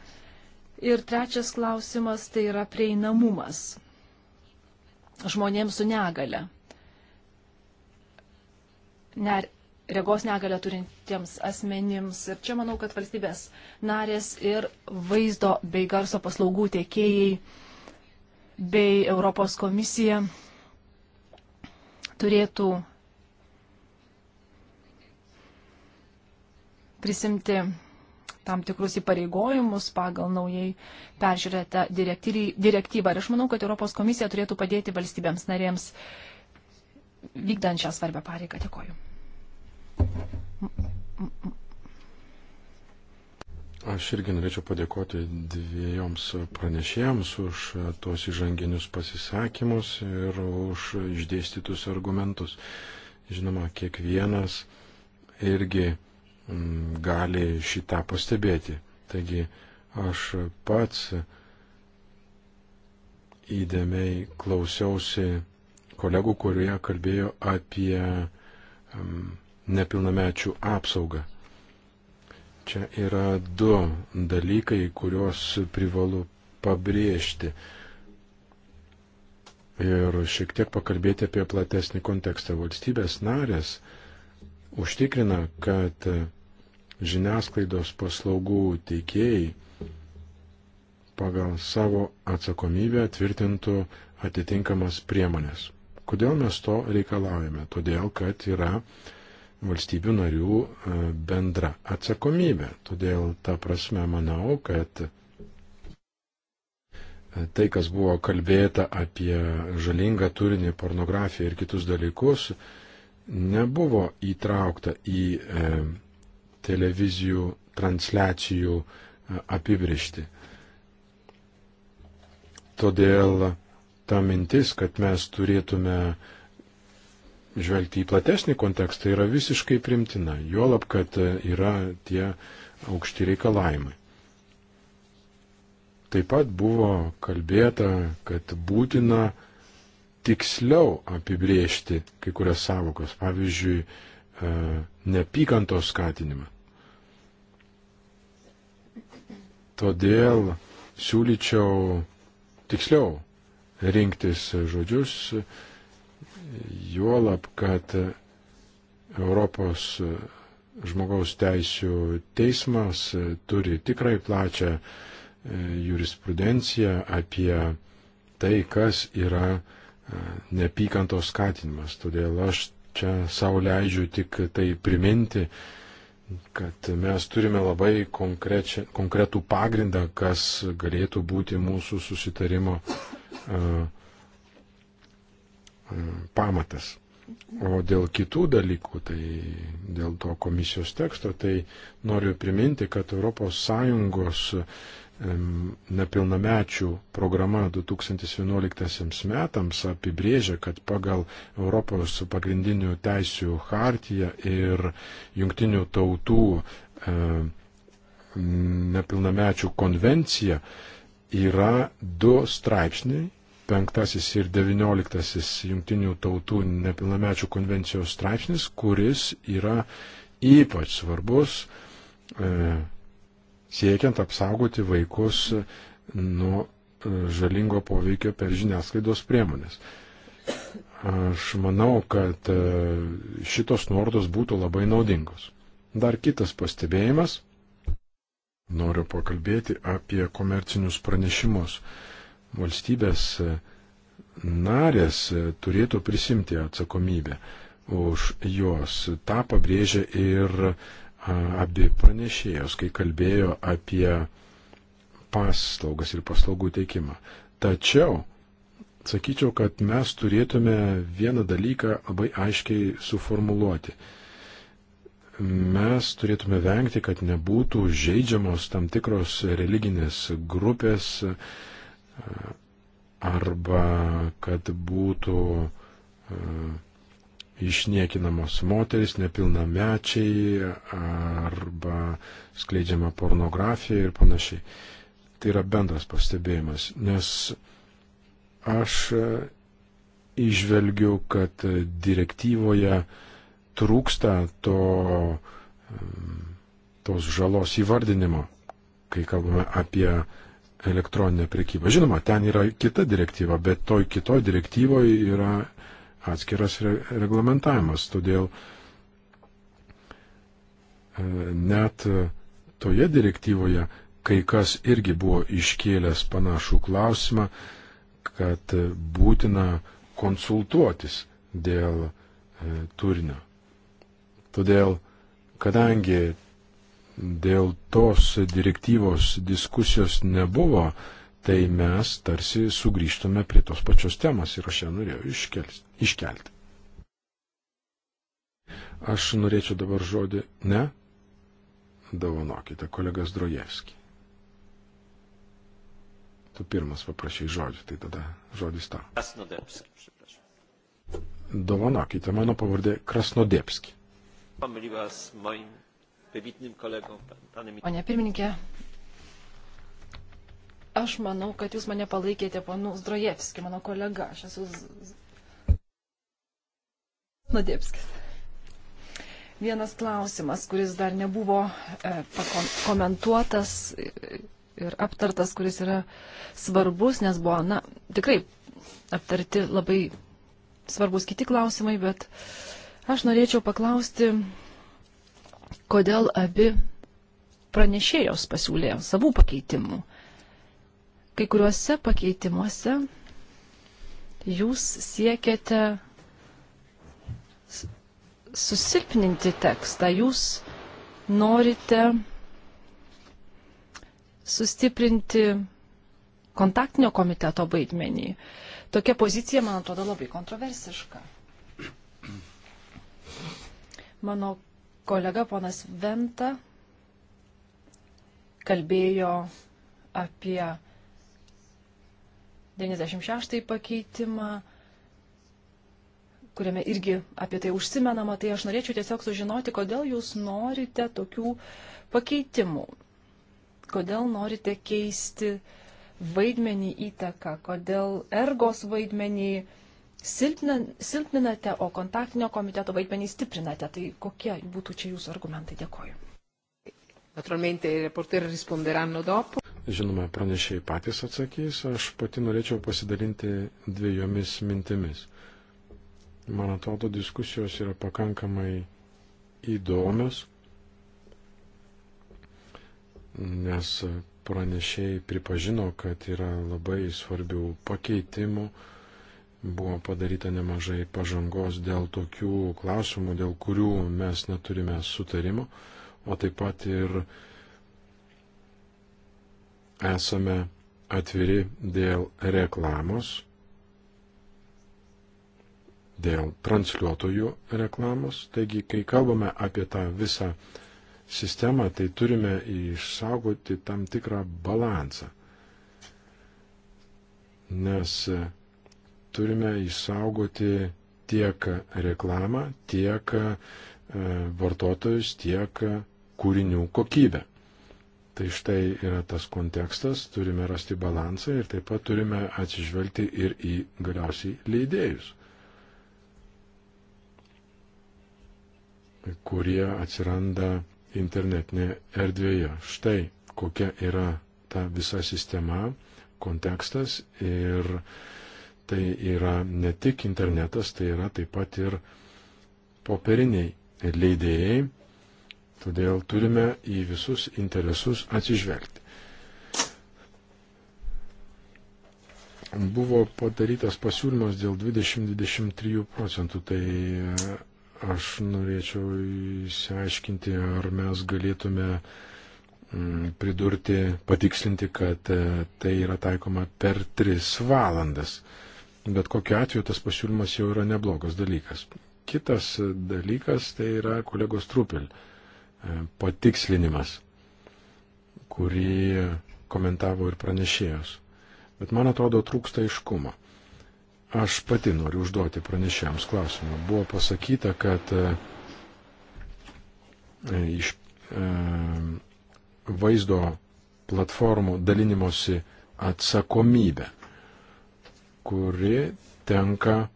Ir trečias klausimas tai yra prieinamumas žmonėms su negale. Ner, regos negalę turintiems asmenims. Ir čia manau, kad valstybės narės ir vaizdo bei garso paslaugų tiekėjai bei Europos komisija turėtų prisimti tam tikrus įpareigojimus pagal naujai peržiūrėtą direktyvą. Ir aš manau, kad Europos komisija turėtų padėti valstybėms narėms vykdant šią svarbę pareigą. Dėkoju. Aš irgi norėčiau padėkoti dviejoms pranešėjams už tuos įžanginius pasisakymus ir už išdėstytus argumentus. Žinoma, kiekvienas irgi gali šitą pastebėti. Taigi aš pats įdėmiai klausiausi kolegų, kurie kalbėjo apie nepilnamečių apsaugą. Čia yra du dalykai, kuriuos privalu pabrėžti ir šiek tiek pakalbėti apie platesnį kontekstą. Valstybės narės užtikrina, kad žiniasklaidos paslaugų teikėjai pagal savo atsakomybę tvirtintų atitinkamas priemonės. Kodėl mes to reikalaujame? Todėl, kad yra valstybių narių e, bendra atsakomybė. Todėl ta prasme manau, kad e, tai, kas buvo kalbėta apie žalingą turinį, pornografiją ir kitus dalykus, nebuvo įtraukta į e, televizijų transliacijų e, apibrišti. Todėl ta mintis, kad mes turėtume žvelgti į platesnį kontekstą, yra visiškai primtina, juolab, kad e, yra tie aukšti reikalavimai. Taip pat buvo kalbėta, kad būtina tiksliau apibriežti kai kurias savokas, pavyzdžiui, e, neapykantos skatinimą. Todėl siūlyčiau tiksliau rinktis žodžius, juolab, kad Europos žmogaus teisų teismas turi tikrai plačią e, jurisprudenciją apie tai, kas yra uh, neapykantos skatinimas. Todėl aš čia savo leidžiu tik tai priminti, kad mes turime labai konkretų pagrindą, kas galėtų būti mūsų susitarimo pamatas. O dėl kitų dalykų, tai dėl to komisijos teksto, tai noriu priminti, kad ES nepilnamečių programa 2011 metams apibrėžia, kad pagal Europos pagrindinių teisių hartiją ir jungtinių tautų nepilnamečių konvenciją yra du straipsniai penktasis ir devynioliktasis jungtinių tautų nepilnamečių konvencijos straipsnis, kuris yra ypač svarbus e, siekiant apsaugoti vaikus nuo e, žalingo poveikio per žiniasklaidos priemonės. Aš manau, kad e, šitos nuorodos būtų labai naudingos. Dar kitas pastebėjimas. Noriu pakalbėti apie komercinius pranešimus valstybės narės turėtų prisimti atsakomybę už juos. Ta pabrėžė ir abi pranešėjos, kai kalbėjo apie paslaugas ir paslaugų teikimą. Tačiau, sakyčiau, kad mes turėtume vieną dalyką labai aiškiai suformuluoti. Mes turėtume vengti, kad nebūtų žaidžiamos tam tikros religinės grupės, uh, arba kad būtų e, išniekinamos moteris, nepilnamečiai arba skleidžiama pornografija ir panašiai. Tai yra bendras pastebėjimas, nes aš e, išvelgiu, kad direktyvoje trūksta to, e, tos žalos įvardinimo, kai kalbame apie uh, elektroninę prekybą. Žinoma, ten yra kita direktyva, bet toj kitoj direktyvoje yra atskiras re reglamentavimas. Todėl e, net toje direktyvoje kai kas irgi buvo iškėlęs panašų klausimą, kad būtina konsultuotis dėl e, turinio. Todėl, kadangi dėl tos direktyvos diskusijos nebuvo, tai mes tarsi sugrįžtume prie tos pačios temos ir aš ją norėjau iškelti. Aš norėčiau dabar žodį ne, davonokite, kolegas Drojevski. Tu pirmas paprašai žodžių, tai tada žodis tau. Krasnodepski, atsiprašau. Dovanokite, mano pavardė Krasnodepski. Pomyliła z moim wybitnym kolegom, panem... Pane pirmininkė, aš manau, kad jūs mane palaikėte panu Zdrojevski, mano kolega. Aš esu Nadėpskis. Vienas klausimas, kuris dar nebuvo e, pakomentuotas ir aptartas, kuris yra svarbus, nes buvo, na, tikrai aptarti labai svarbus kiti klausimai, bet aš norėčiau paklausti kodėl abi pranešėjos pasiūlė savų pakeitimų. Kai kuriuose pakeitimuose jūs siekiate susilpninti tekstą, jūs norite sustiprinti kontaktinio komiteto vaidmenį. Tokia pozicija, man atrodo, labai kontroversiška. Mano kolega ponas Venta kalbėjo apie 96 pakeitimą, kuriame irgi apie tai užsimenama, tai aš norėčiau tiesiog sužinoti, kodėl jūs norite tokių pakeitimų, kodėl norite keisti vaidmenį įtaką, kodėl ergos vaidmenį įtaką silpninate, o kontaktinio komiteto vaidmenį stiprinate. Tai kokie būtų čia jūsų argumentai? Dėkoju. Žinoma, pranešėjai patys atsakys, aš pati norėčiau pasidalinti dviejomis mintimis. Man atrodo, diskusijos yra pakankamai įdomios, nes pranešėjai pripažino, kad yra labai svarbių pakeitimų, Buvo padaryta nemažai pažangos dėl tokių klausimų, dėl kurių mes neturime sutarimo, o taip pat ir esame atviri dėl reklamos, dėl transliuotojų reklamos. Taigi, kai kalbame apie tą visą sistemą, tai turime išsaugoti tam tikrą balansą. Nes turime išsaugoti tiek reklamą, tiek e, vartotojus, tiek kūrinių kokybę. Tai štai yra tas kontekstas, turime rasti balansą ir taip pat turime atsižvelgti ir į galiausiai leidėjus, kurie atsiranda internetinėje erdvėje. Štai kokia yra ta visa sistema, kontekstas ir uh, Tai yra ne tik internetas, tai yra taip pat ir popieriniai leidėjai. Todėl turime į visus interesus atsižvelgti. Buvo padarytas pasiūlymas dėl 20-23 procentų, tai e, aš norėčiau įsiaiškinti, ar mes galėtume mm, pridurti, patikslinti, kad e, tai yra taikoma per 3 valandas. Bet kokiu atveju tas pasiūlymas jau yra neblogas dalykas. Kitas dalykas tai yra kolegos Trupel e, patikslinimas, kurį komentavo ir pranešėjos. Bet man atrodo trūksta iškumo. Aš pati noriu užduoti pranešėjams klausimą. Buvo pasakyta, kad e, e, iš vaizdo platformų dalinimosi atsakomybę kuri tenka e,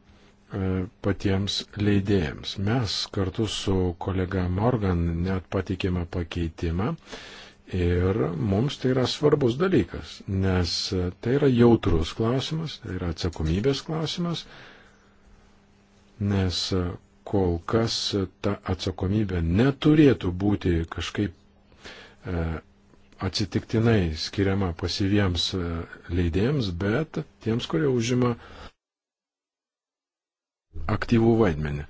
patiems leidėjams. Mes kartu su kolega Morgan net patikėme pakeitimą ir mums tai yra svarbus dalykas, nes tai yra jautrus klausimas, tai yra atsakomybės klausimas, nes kol kas ta atsakomybė neturėtų būti kažkaip e, atsitiktinai skiriama pasiviems e, leidėjams, bet tiems, kurie užima aktyvų vaidmenį.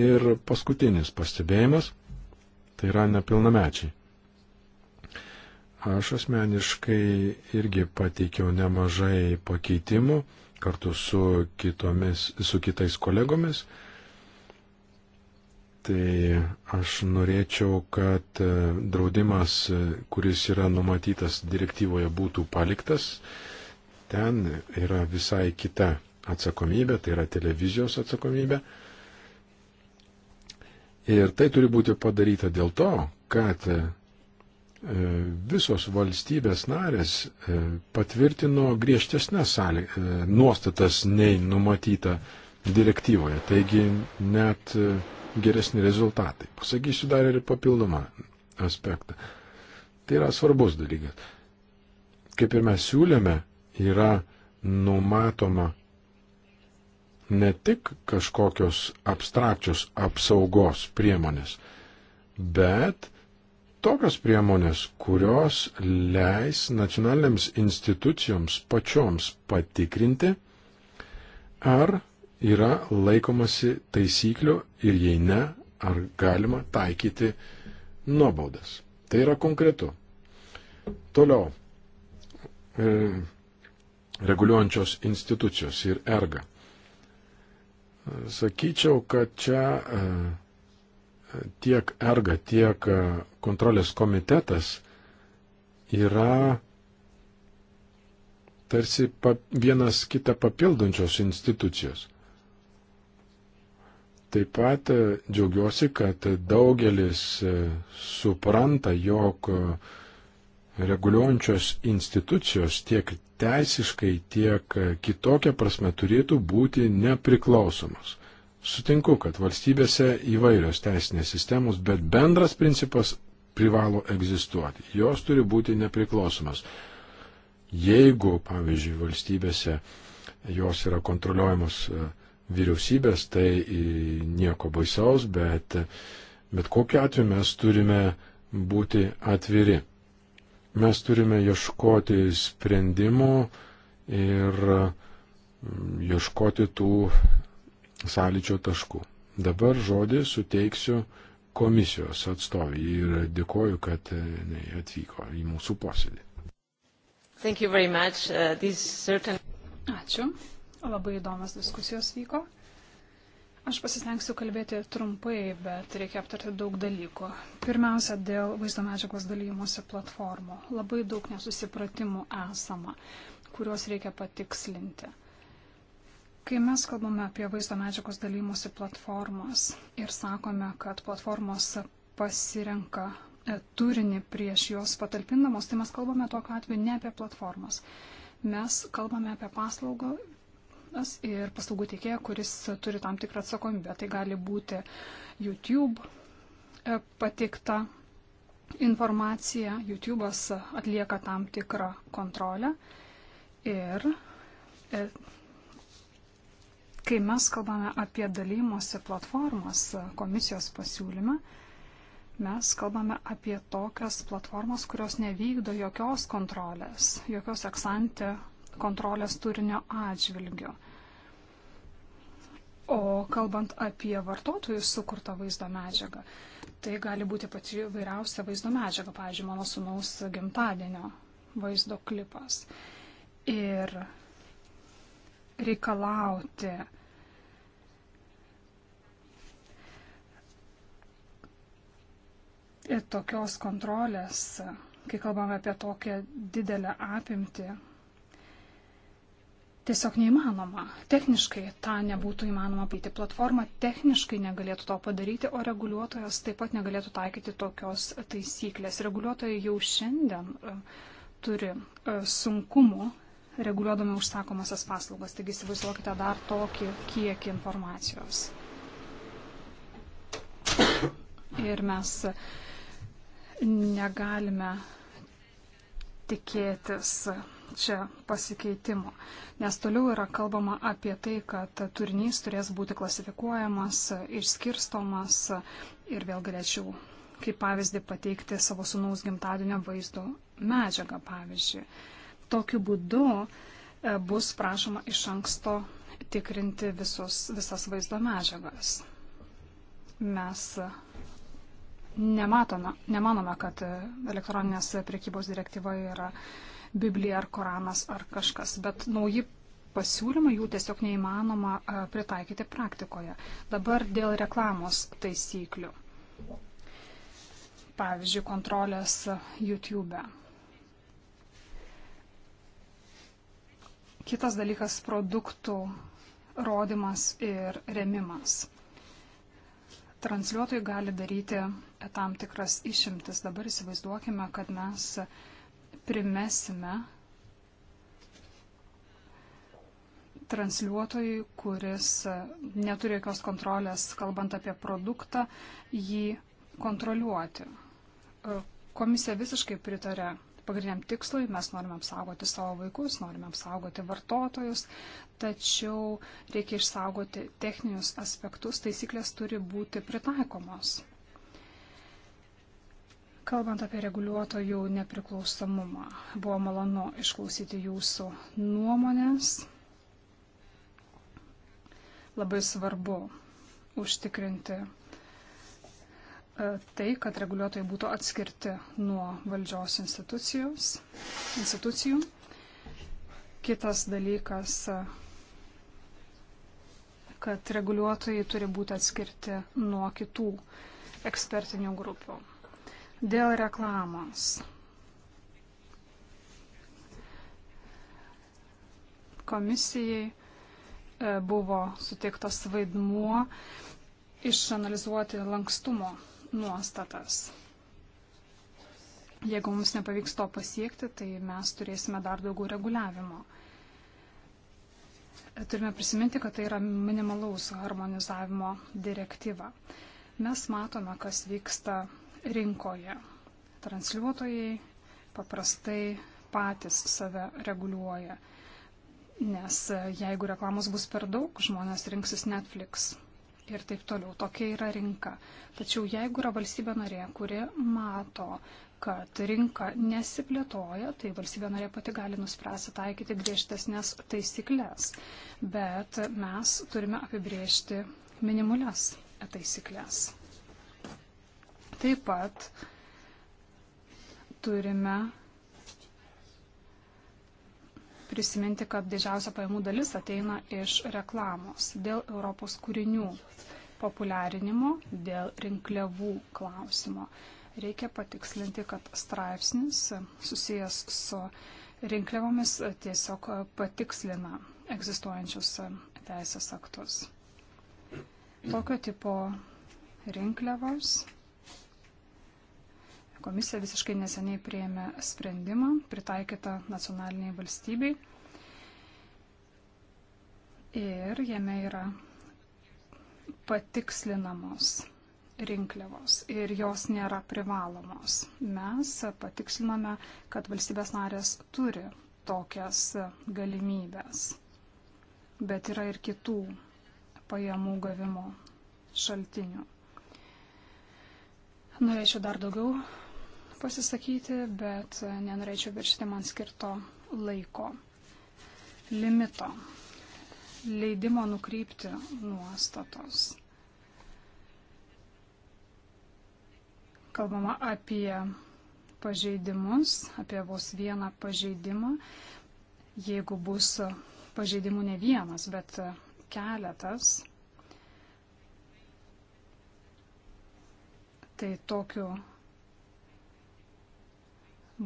Ir paskutinis pastebėjimas - tai yra nepilnamečiai. Aš asmeniškai irgi pateikiau nemažai pakeitimų kartu su, kitomis, su kitais kolegomis. Tai aš norėčiau, kad e, draudimas, e, kuris yra numatytas direktyvoje, būtų paliktas. Ten yra visai kita atsakomybė, tai yra televizijos atsakomybė. Ir tai turi būti padaryta dėl to, kad e, visos valstybės narės patvirtino griežtesnės nuostatas nei numatyta direktyvoje. Taigi net geresni rezultatai. Pasakysiu dar ir papildomą aspektą. Tai yra svarbus dalykas. Kaip ir mes siūlėme, yra numatoma ne tik kažkokios abstrakčios apsaugos priemonės, bet tokios priemonės, kurios leis nacionaliniams institucijoms pačioms patikrinti, ar yra laikomasi taisyklių ir jei ne, ar galima taikyti nuobaudas. Tai yra konkretu. Toliau. E, reguliuojančios institucijos ir erga. E, sakyčiau, kad čia e, tiek erga, tiek e, kontrolės komitetas yra tarsi vienas kitą papildančios institucijos. Taip pat e, džiaugiuosi, kad daugelis e, supranta, jog e, reguliuojančios institucijos tiek teisiškai, tiek kitokia prasme turėtų būti nepriklausomos. Sutinku, kad valstybėse įvairios teisinės sistemos, bet bendras principas privalo egzistuoti. Jos turi būti nepriklausomas. Jeigu, pavyzdžiui, valstybėse jos yra kontroliuojamos vyriausybės, tai nieko baisaus, bet, bet kokiu atveju mes turime būti atviri. Mes turime ieškoti sprendimų ir mm, ieškoti tų sąlyčio taškų. Dabar žodį suteiksiu komisijos atstovį ir dėkoju, kad ne, atvyko į mūsų posėdį. Uh, certain... Ačiū. Labai įdomas diskusijos vyko. Aš pasistengsiu kalbėti trumpai, bet reikia aptarti daug dalykų. Pirmiausia, dėl vaizdo medžiagos dalymosi platformų. Labai daug nesusipratimų esama, kuriuos reikia patikslinti. Kai mes kalbame apie vaizdo medžiagos dalymosi platformas ir sakome, kad platformos pasirenka e, turinį prieš juos patalpindamos, tai mes kalbame tuo atveju ne apie platformas. Mes kalbame apie paslaugą, ir paslaugų teikėją, kuris turi tam tikrą atsakomybę. Tai gali būti YouTube e, pateikta informacija, YouTube'as atlieka tam tikrą kontrolę ir e, kai mes kalbame apie dalymosi platformas komisijos pasiūlyme, mes kalbame apie tokias platformas, kurios nevykdo jokios kontrolės, jokios eksantė kontrolės turinio atžvilgiu. O kalbant apie vartotojų sukurtą vaizdo medžiagą, tai gali būti pati vairiausia vaizdo medžiaga, pavyzdžiui, mano sunaus gimtadienio vaizdo klipas. Ir reikalauti tokios kontrolės, kai kalbame apie tokią didelę apimtį, tiesiog neįmanoma. Techniškai tą nebūtų įmanoma paiti. Platforma techniškai negalėtų to padaryti, o reguliuotojas taip pat negalėtų taikyti tokios taisyklės. Reguliuotojai jau šiandien e, turi e, sunkumų reguliuodami užsakomasias paslaugas, taigi įsivaizduokite dar tokį kiekį informacijos. Ir mes negalime tikėtis čia pasikeitimų, nes toliau yra kalbama apie tai, kad turinys turės būti klasifikuojamas, išskirstomas ir vėl galėčiau kaip pavyzdį pateikti savo sunaus gimtadienio vaizdo medžiagą, pavyzdžiui. Tokiu būdu e, bus prašoma iš anksto tikrinti visus, visas vaizdo medžiagas. Mes e, nematome, nemanome, kad e, elektroninės priekybos direktyva yra Biblija ar Koranas ar kažkas, bet nauji pasiūlymai jų tiesiog neįmanoma pritaikyti praktikoje. Dabar dėl reklamos taisyklių. Pavyzdžiui, kontrolės YouTube. Kitas dalykas - produktų rodimas ir remimas. Transliuotojai gali daryti tam tikras išimtis. Dabar įsivaizduokime, kad mes primesime transliuotojui, kuris neturi jokios kontrolės, kalbant apie produktą, jį kontroliuoti. E, komisija visiškai pritarė pagrindiniam tikslui, mes norime apsaugoti savo vaikus, norime apsaugoti vartotojus, tačiau reikia išsaugoti techninius aspektus, taisyklės turi būti pritaikomos. Kalbant apie reguliuotojų nepriklausomumą, buvo malonu išklausyti jūsų nuomonės. Labai svarbu užtikrinti e, tai, kad reguliuotojai būtų atskirti nuo valdžios institucijų. Kitas dalykas, e, kad reguliuotojai turi būti atskirti nuo kitų ekspertinių grupių. Dėl reklamos. Komisijai e, buvo suteiktas vaidmuo išanalizuoti lankstumo nuostatas. Jeigu mums nepavyks to pasiekti, tai mes turėsime dar daugiau reguliavimo. Turime prisiminti, kad tai yra minimalaus harmonizavimo direktyva. Mes matome, kas vyksta rinkoje. Transliuotojai paprastai patys save reguliuoja, nes jeigu reklamos bus per daug, žmonės rinksis Netflix ir taip toliau. Tokia yra rinka. Tačiau jeigu yra valstybė narė, kuri mato, kad rinka nesiplėtoja, tai valstybė narė pati gali nuspręsti taikyti griežtesnės taisyklės. Bet mes turime apibriežti minimulės taisyklės. Taip pat turime prisiminti, kad didžiausia pajamų dalis ateina iš reklamos dėl Europos kūrinių populiarinimo, dėl rinkliavų klausimo. Reikia patikslinti, kad straipsnis susijęs su rinkliavomis tiesiog patikslina egzistuojančius teisės aktus. Tokio tipo rinkliavos Komisija visiškai neseniai prieėmė sprendimą pritaikytą nacionaliniai valstybei. Ir jame yra patikslinamos rinkliavos ir jos nėra privalomos. Mes patiksliname, kad valstybės narės turi tokias galimybės, bet yra ir kitų pajamų gavimo šaltinių. Norėčiau dar daugiau pasisakyti, bet e, nenorėčiau viršyti man skirto laiko limito, leidimo nukrypti nuostatos. Kalbama apie pažeidimus, apie vos vieną pažeidimą, jeigu bus pažeidimų ne vienas, bet e, keletas, tai tokiu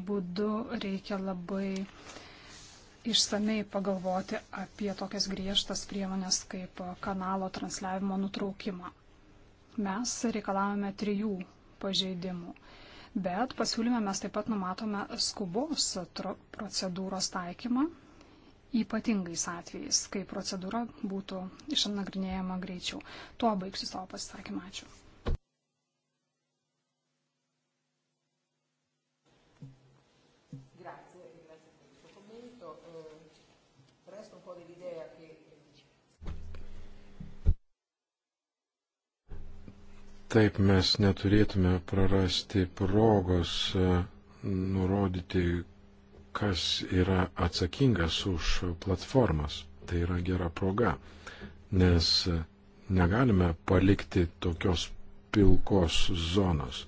būdu reikia labai išsamei pagalvoti apie tokias griežtas priemonės kaip kanalo transliavimo nutraukimą. Mes reikalavome trijų pažeidimų, bet pasiūlyme mes taip pat numatome skubos procedūros taikymą ypatingais atvejais, kai procedūra būtų išnagrinėjama greičiau. Tuo baigsiu savo pasisakymą. Ačiū. Taip mes neturėtume prarasti progos e, nurodyti, kas yra atsakingas už platformas. Tai yra gera proga, nes e, negalime palikti tokios pilkos zonos.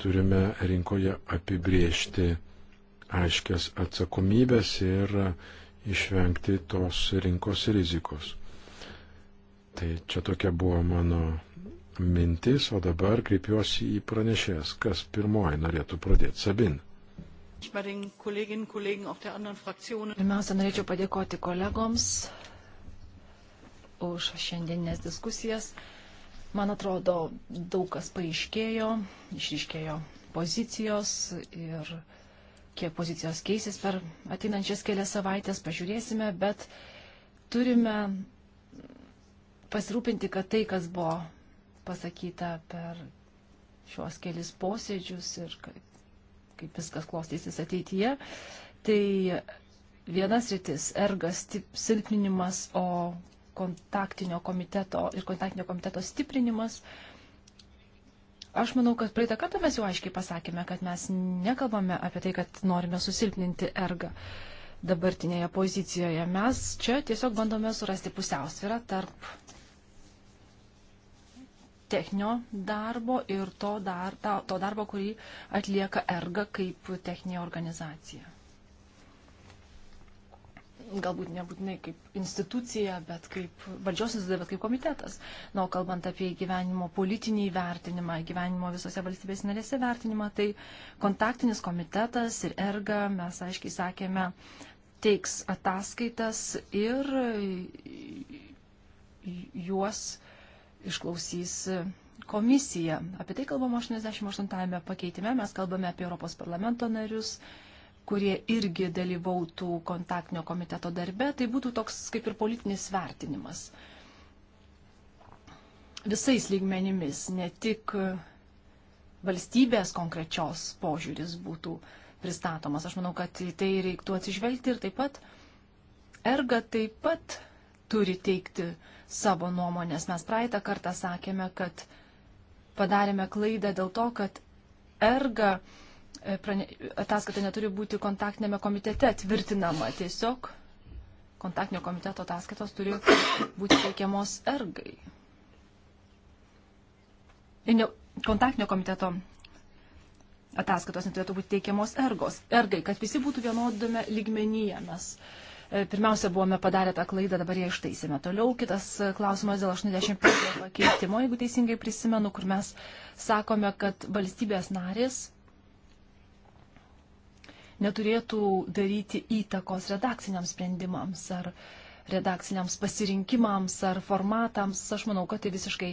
Turime rinkoje apibriežti aiškias atsakomybės ir išvengti tos rinkos rizikos. Tai čia tokia buvo mano mintis, o dabar kreipiuosi į pranešęs, kas pirmoji norėtų pradėti. Sabin. Pirmiausia, norėčiau padėkoti kolegoms už šiandieninės diskusijas. Man atrodo, daug kas paaiškėjo, išryškėjo pozicijos ir kiek pozicijos keisis per ateinančias kelias savaitės, pažiūrėsime, bet turime pasirūpinti, kad tai, kas buvo pasakyta per šios kelis posėdžius ir kaip, kaip viskas klostysis ateityje. Tai vienas rytis - ergas silpninimas, o kontaktinio komiteto ir kontaktinio komiteto stiprinimas. Aš manau, kad praeitą kartą mes jau aiškiai pasakėme, kad mes nekalbame apie tai, kad norime susilpninti ergą dabartinėje pozicijoje. Mes čia tiesiog bandome surasti pusiausvyrą tarp techninio darbo ir to, dar, ta, to darbo, kurį atlieka erga kaip techninė organizacija. Galbūt nebūtinai kaip institucija, bet kaip valdžios institucija, bet kaip komitetas. Na, o kalbant apie gyvenimo politinį vertinimą, gyvenimo visose valstybės narėse vertinimą, tai kontaktinis komitetas ir erga, mes aiškiai sakėme, teiks ataskaitas ir juos išklausys komisija. Apie tai kalbama 88-ame pakeitime. Mes kalbame apie Europos parlamento narius, kurie irgi dalyvautų kontaktinio komiteto darbe. Tai būtų toks kaip ir politinis vertinimas. Visais lygmenimis, ne tik valstybės konkrečios požiūris būtų pristatomas. Aš manau, kad į tai reiktų atsižvelgti ir taip pat erga taip pat turi teikti uh, savo nuomonės. Mes praeitą kartą sakėme, kad padarėme klaidą dėl to, kad erga e, prane... ataskaita neturi būti kontaktinėme komitete tvirtinama. Tiesiog kontaktinio komiteto ataskaitos turi būti teikiamos ergai. Ir ne, kontaktinio komiteto ataskaitos neturėtų būti teikiamos ergos. Ergai, kad visi būtų vienodame lygmenyje. Mes uh, E, pirmiausia, buvome padarę tą klaidą, dabar ją ištaisėme. Toliau kitas e, klausimas dėl 85 pakeitimo, jeigu teisingai prisimenu, kur mes sakome, kad valstybės narės neturėtų daryti įtakos redakciniams sprendimams ar redakciniams pasirinkimams ar formatams. Aš manau, kad tai visiškai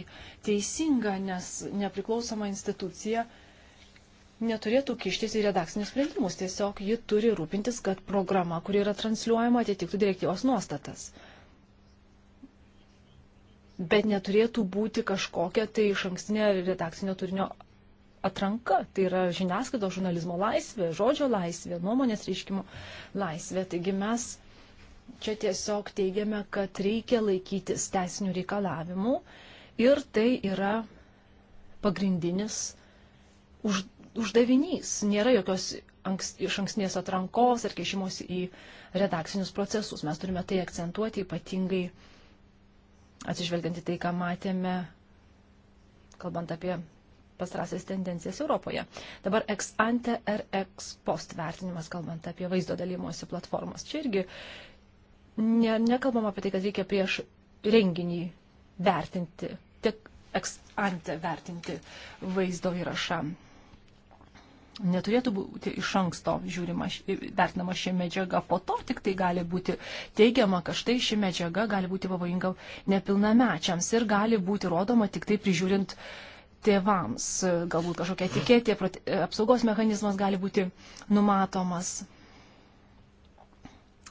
teisinga, nes nepriklausoma institucija neturėtų kištis į redakcinius sprendimus, tiesiog ji turi rūpintis, kad programa, kuri yra transliuojama, atitiktų direktyvos nuostatas. Bet neturėtų būti kažkokia tai iš ankstinė redakcinio turinio atranka. Tai yra žiniasklaidos žurnalizmo laisvė, žodžio laisvė, nuomonės reiškimo laisvė. Taigi mes čia tiesiog teigiame, kad reikia laikytis teisinių reikalavimų ir tai yra pagrindinis už, uždavinys, nėra jokios anks, iš anksnės atrankos ar kešimos į redakcinius procesus. Mes turime tai akcentuoti ypatingai atsižvelgiant į tai, ką matėme, kalbant apie pastarasias tendencijas Europoje. Dabar ex ante ir ex post vertinimas, kalbant apie vaizdo dalymosi platformas. Čia irgi ne, nekalbam apie tai, kad reikia prieš renginį vertinti, tik ex ante vertinti vaizdo įrašą neturėtų būti iš anksto žiūrima, vertinama ši medžiaga. Po to tik tai gali būti teigiama, kad štai ši medžiaga gali būti pavojinga nepilnamečiams ir gali būti rodoma tik tai prižiūrint tėvams. Galbūt kažkokia etiketė, apsaugos mechanizmas gali būti numatomas.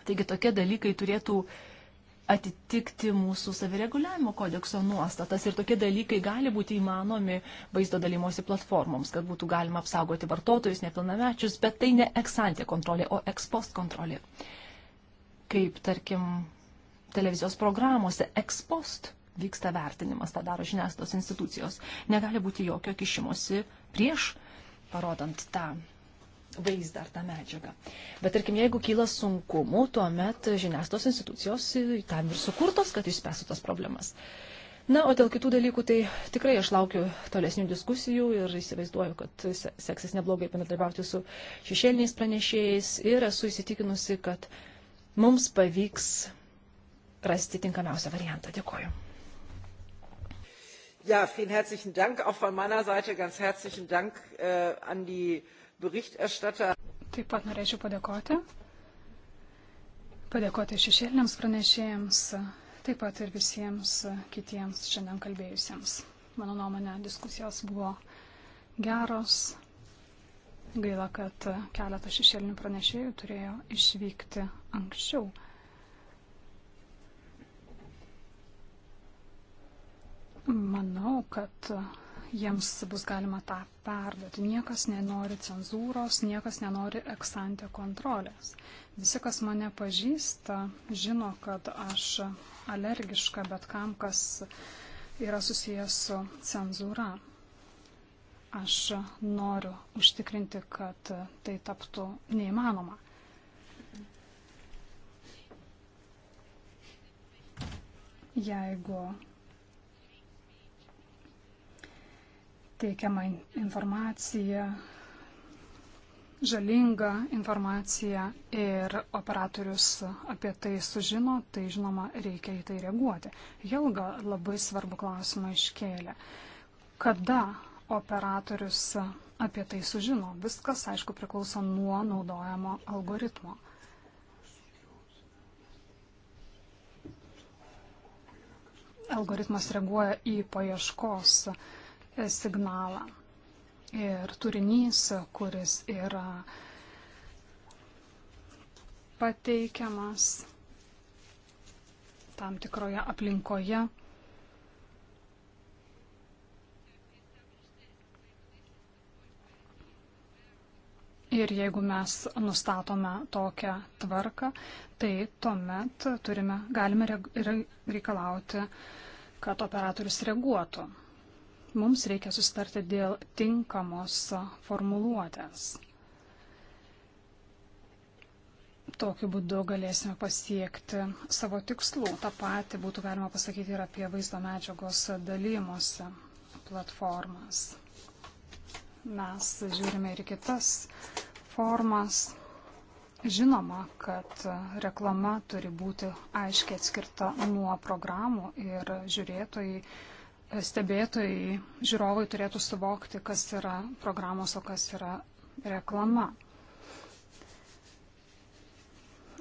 Taigi tokie dalykai turėtų uh, atitikti mūsų savireguliavimo kodekso nuostatas ir tokie dalykai gali būti įmanomi vaizdo dalymosi platformoms, kad būtų galima apsaugoti vartotojus, nepilnamečius, bet tai ne eksantė kontrolė, o ekspost kontrolė. Kaip, tarkim, televizijos programuose ekspost vyksta vertinimas, tą daro žiniasklaidos institucijos. Negali būti jokio kišimosi prieš parodant tą vaizdą ar tą medžiagą. Bet tarkim, jeigu kyla sunkumų, tuomet žiniasklaidos institucijos tam ir sukurtos, kad išspręstų tas problemas. Na, o dėl kitų dalykų, tai tikrai aš laukiu tolesnių diskusijų ir įsivaizduoju, kad seksis neblogai bendradarbiauti su šešėliniais pranešėjais ir esu įsitikinusi, kad mums pavyks rasti tinkamiausią variantą. Dėkuoju. Ja, vielen herzlichen Dank. Auch von meiner Seite ganz herzlichen Dank äh, an die äh, Berichterstatter. Taip pat norėčiau padėkoti. Padėkoti šešėliniams pranešėjams, taip pat ir visiems kitiems šiandien kalbėjusiems. Mano nuomonė, diskusijos buvo geros. Gaila, kad keletas šešėlinių pranešėjų turėjo išvykti anksčiau. Manau, kad jiems bus galima tą perduoti. Niekas nenori cenzūros, niekas nenori eksantė kontrolės. Visi, kas mane pažįsta, žino, kad aš alergiška bet kam, kas yra susijęs su cenzūra. Aš noriu užtikrinti, kad tai taptų neįmanoma. Jeigu teikiama informacija, žalinga informacija ir operatorius apie tai sužino, tai žinoma, reikia į tai reaguoti. Helga labai svarbu klausimą iškėlė. Kada operatorius apie tai sužino? Viskas, aišku, priklauso nuo naudojamo algoritmo. Algoritmas reaguoja į paieškos algoritmą signalą. Ir turinys, kuris yra pateikiamas tam tikroje aplinkoje, Ir jeigu mes nustatome tokią tvarką, tai tuomet turime, galime reikalauti, kad operatorius reaguotų mums reikia sustarti dėl tinkamos formuluotės. Tokiu būdu galėsime pasiekti savo tikslų. Ta pati būtų galima pasakyti ir apie vaizdo medžiagos dalymosi platformas. Mes žiūrime ir kitas formas. Žinoma, kad reklama turi būti aiškiai atskirta nuo programų ir žiūrėtojai stebėtojai, žiūrovai turėtų suvokti, kas yra programos, o kas yra reklama.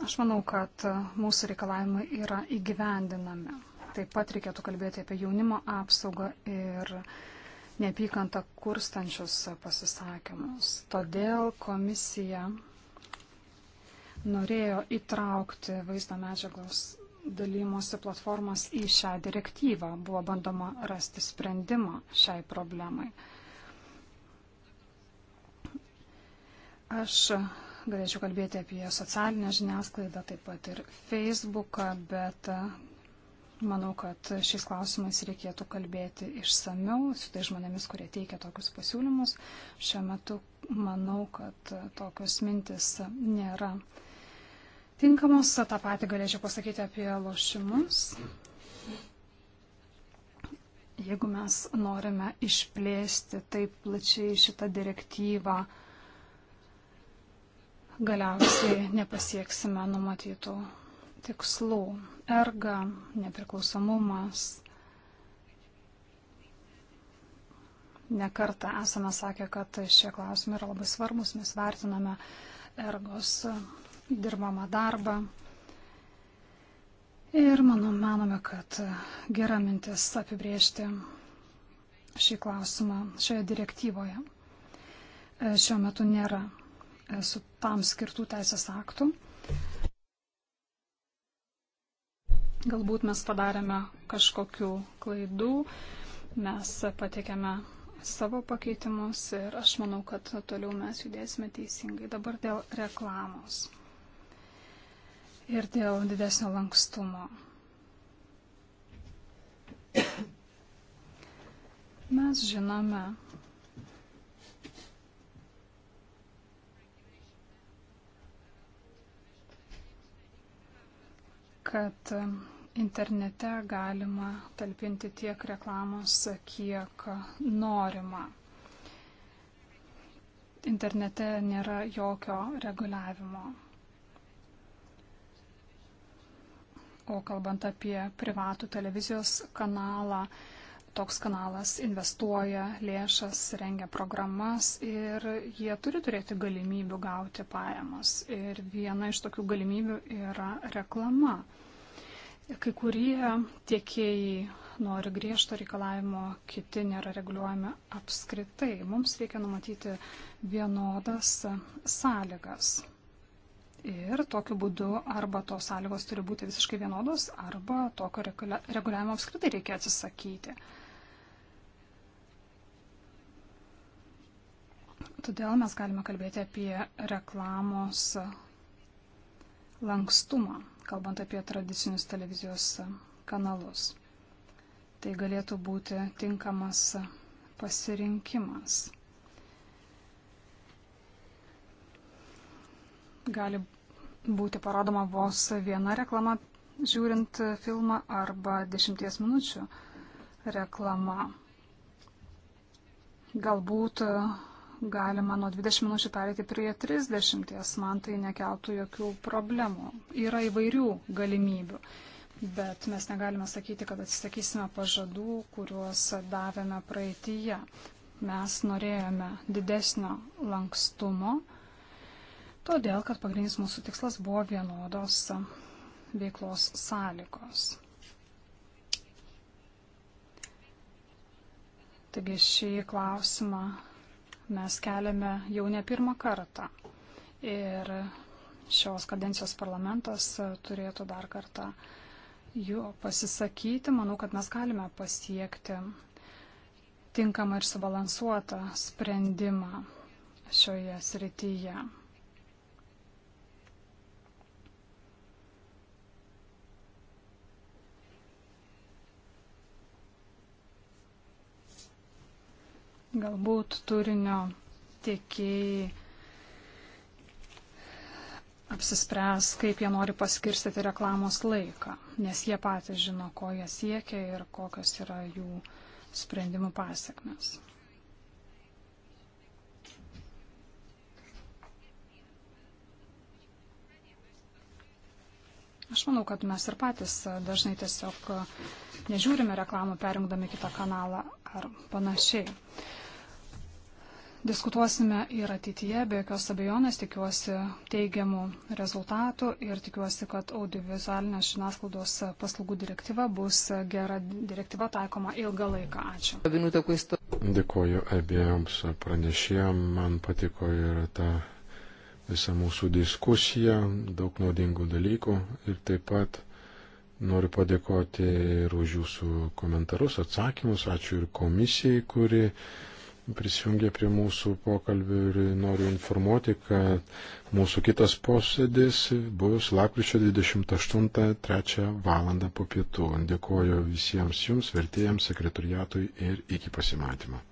Aš manau, kad mūsų reikalavimai yra įgyvendinami. Taip pat reikėtų kalbėti apie jaunimo apsaugą ir neapykantą kurstančius pasisakymus. Todėl komisija norėjo įtraukti vaizdo medžiagos dalymosi platformas į šią direktyvą. Buvo bandoma rasti sprendimą šiai problemai. Aš galėčiau kalbėti apie socialinę žiniasklaidą, taip pat ir Facebooką, bet e, manau, kad šiais klausimais reikėtų kalbėti išsamiau su tai žmonėmis, kurie teikia tokius pasiūlymus. Šiuo metu manau, kad tokios mintis nėra tinkamos. Ta pati galėčiau pasakyti apie lošimus. Jeigu mes norime išplėsti taip plačiai šitą direktyvą, galiausiai nepasieksime numatytų tikslų. Erga, nepriklausomumas. Nekartą esame sakę, kad šie klausimai yra labai svarbus, mes vertiname ergos dirbamą darbą. Ir manau, manome, kad gera mintis apibriežti šį klausimą šioje direktyvoje. Šiuo metu nėra su tam skirtų teisės aktų. Galbūt mes padarėme kažkokių klaidų, mes patikėme savo pakeitimus ir aš manau, kad toliau mes judėsime teisingai. Dabar dėl reklamos ir dėl didesnio lankstumo. Mes žinome, kad internete galima talpinti tiek reklamos, kiek norima. Internete nėra jokio reguliavimo. O kalbant apie privatų televizijos kanalą, toks kanalas investuoja lėšas, rengia programas ir jie turi turėti galimybių gauti pajamas. Ir viena iš tokių galimybių yra reklama. Kai kurie tiekėjai nori griežto reikalavimo, kiti nėra reguliuojami apskritai. Mums reikia numatyti vienodas sąlygas. Ir tokiu būdu arba tos sąlygos turi būti visiškai vienodos, arba tokio reguliavimo apskritai reikia atsisakyti. Todėl mes galime kalbėti apie reklamos lankstumą, kalbant apie tradicinius televizijos kanalus. Tai galėtų būti tinkamas pasirinkimas. gali būti parodoma vos viena reklama žiūrint filmą arba dešimties minučių reklama. Galbūt galima nuo 20 minučių pereiti prie 30, man tai nekeltų jokių problemų. Yra įvairių galimybių, bet mes negalime sakyti, kad atsisakysime pažadų, kuriuos davėme praeitįje. Mes norėjome didesnio lankstumo todėl kad pagrindinis mūsų tikslas buvo vienodos veiklos sąlygos. Taigi šį klausimą mes keliame jau ne pirmą kartą. Ir šios kadencijos parlamentas turėtų dar kartą jų pasisakyti. Manau, kad mes galime pasiekti tinkamą ir subalansuotą sprendimą šioje srityje. Galbūt turinio tiekėjai apsispręs, kaip jie nori paskirstyti reklamos laiką, nes jie patys žino, ko jie siekia ir kokios yra jų sprendimų pasiekmes. Aš manau, kad mes ir patys dažnai tiesiog nežiūrime reklamų, perjungdami kitą kanalą ar panašiai diskutuosime ir ateityje, be jokios abejonės tikiuosi teigiamų rezultatų ir tikiuosi, kad audiovizualinės žiniasklaidos paslaugų direktyva bus gera direktyva taikoma ilgą laiką. Ačiū. Dėkoju abiejoms pranešėjom, man patiko ir ta visa mūsų diskusija, daug naudingų dalykų ir taip pat noriu padėkoti ir už jūsų komentarus, atsakymus, ačiū ir komisijai, kuri prisijungė prie mūsų pokalbių ir noriu informuoti, kad mūsų kitas posėdis bus lakryčio 28.3 val. po pietų. Dėkoju visiems jums, vertėjams, sekretoriatui ir iki pasimatymo.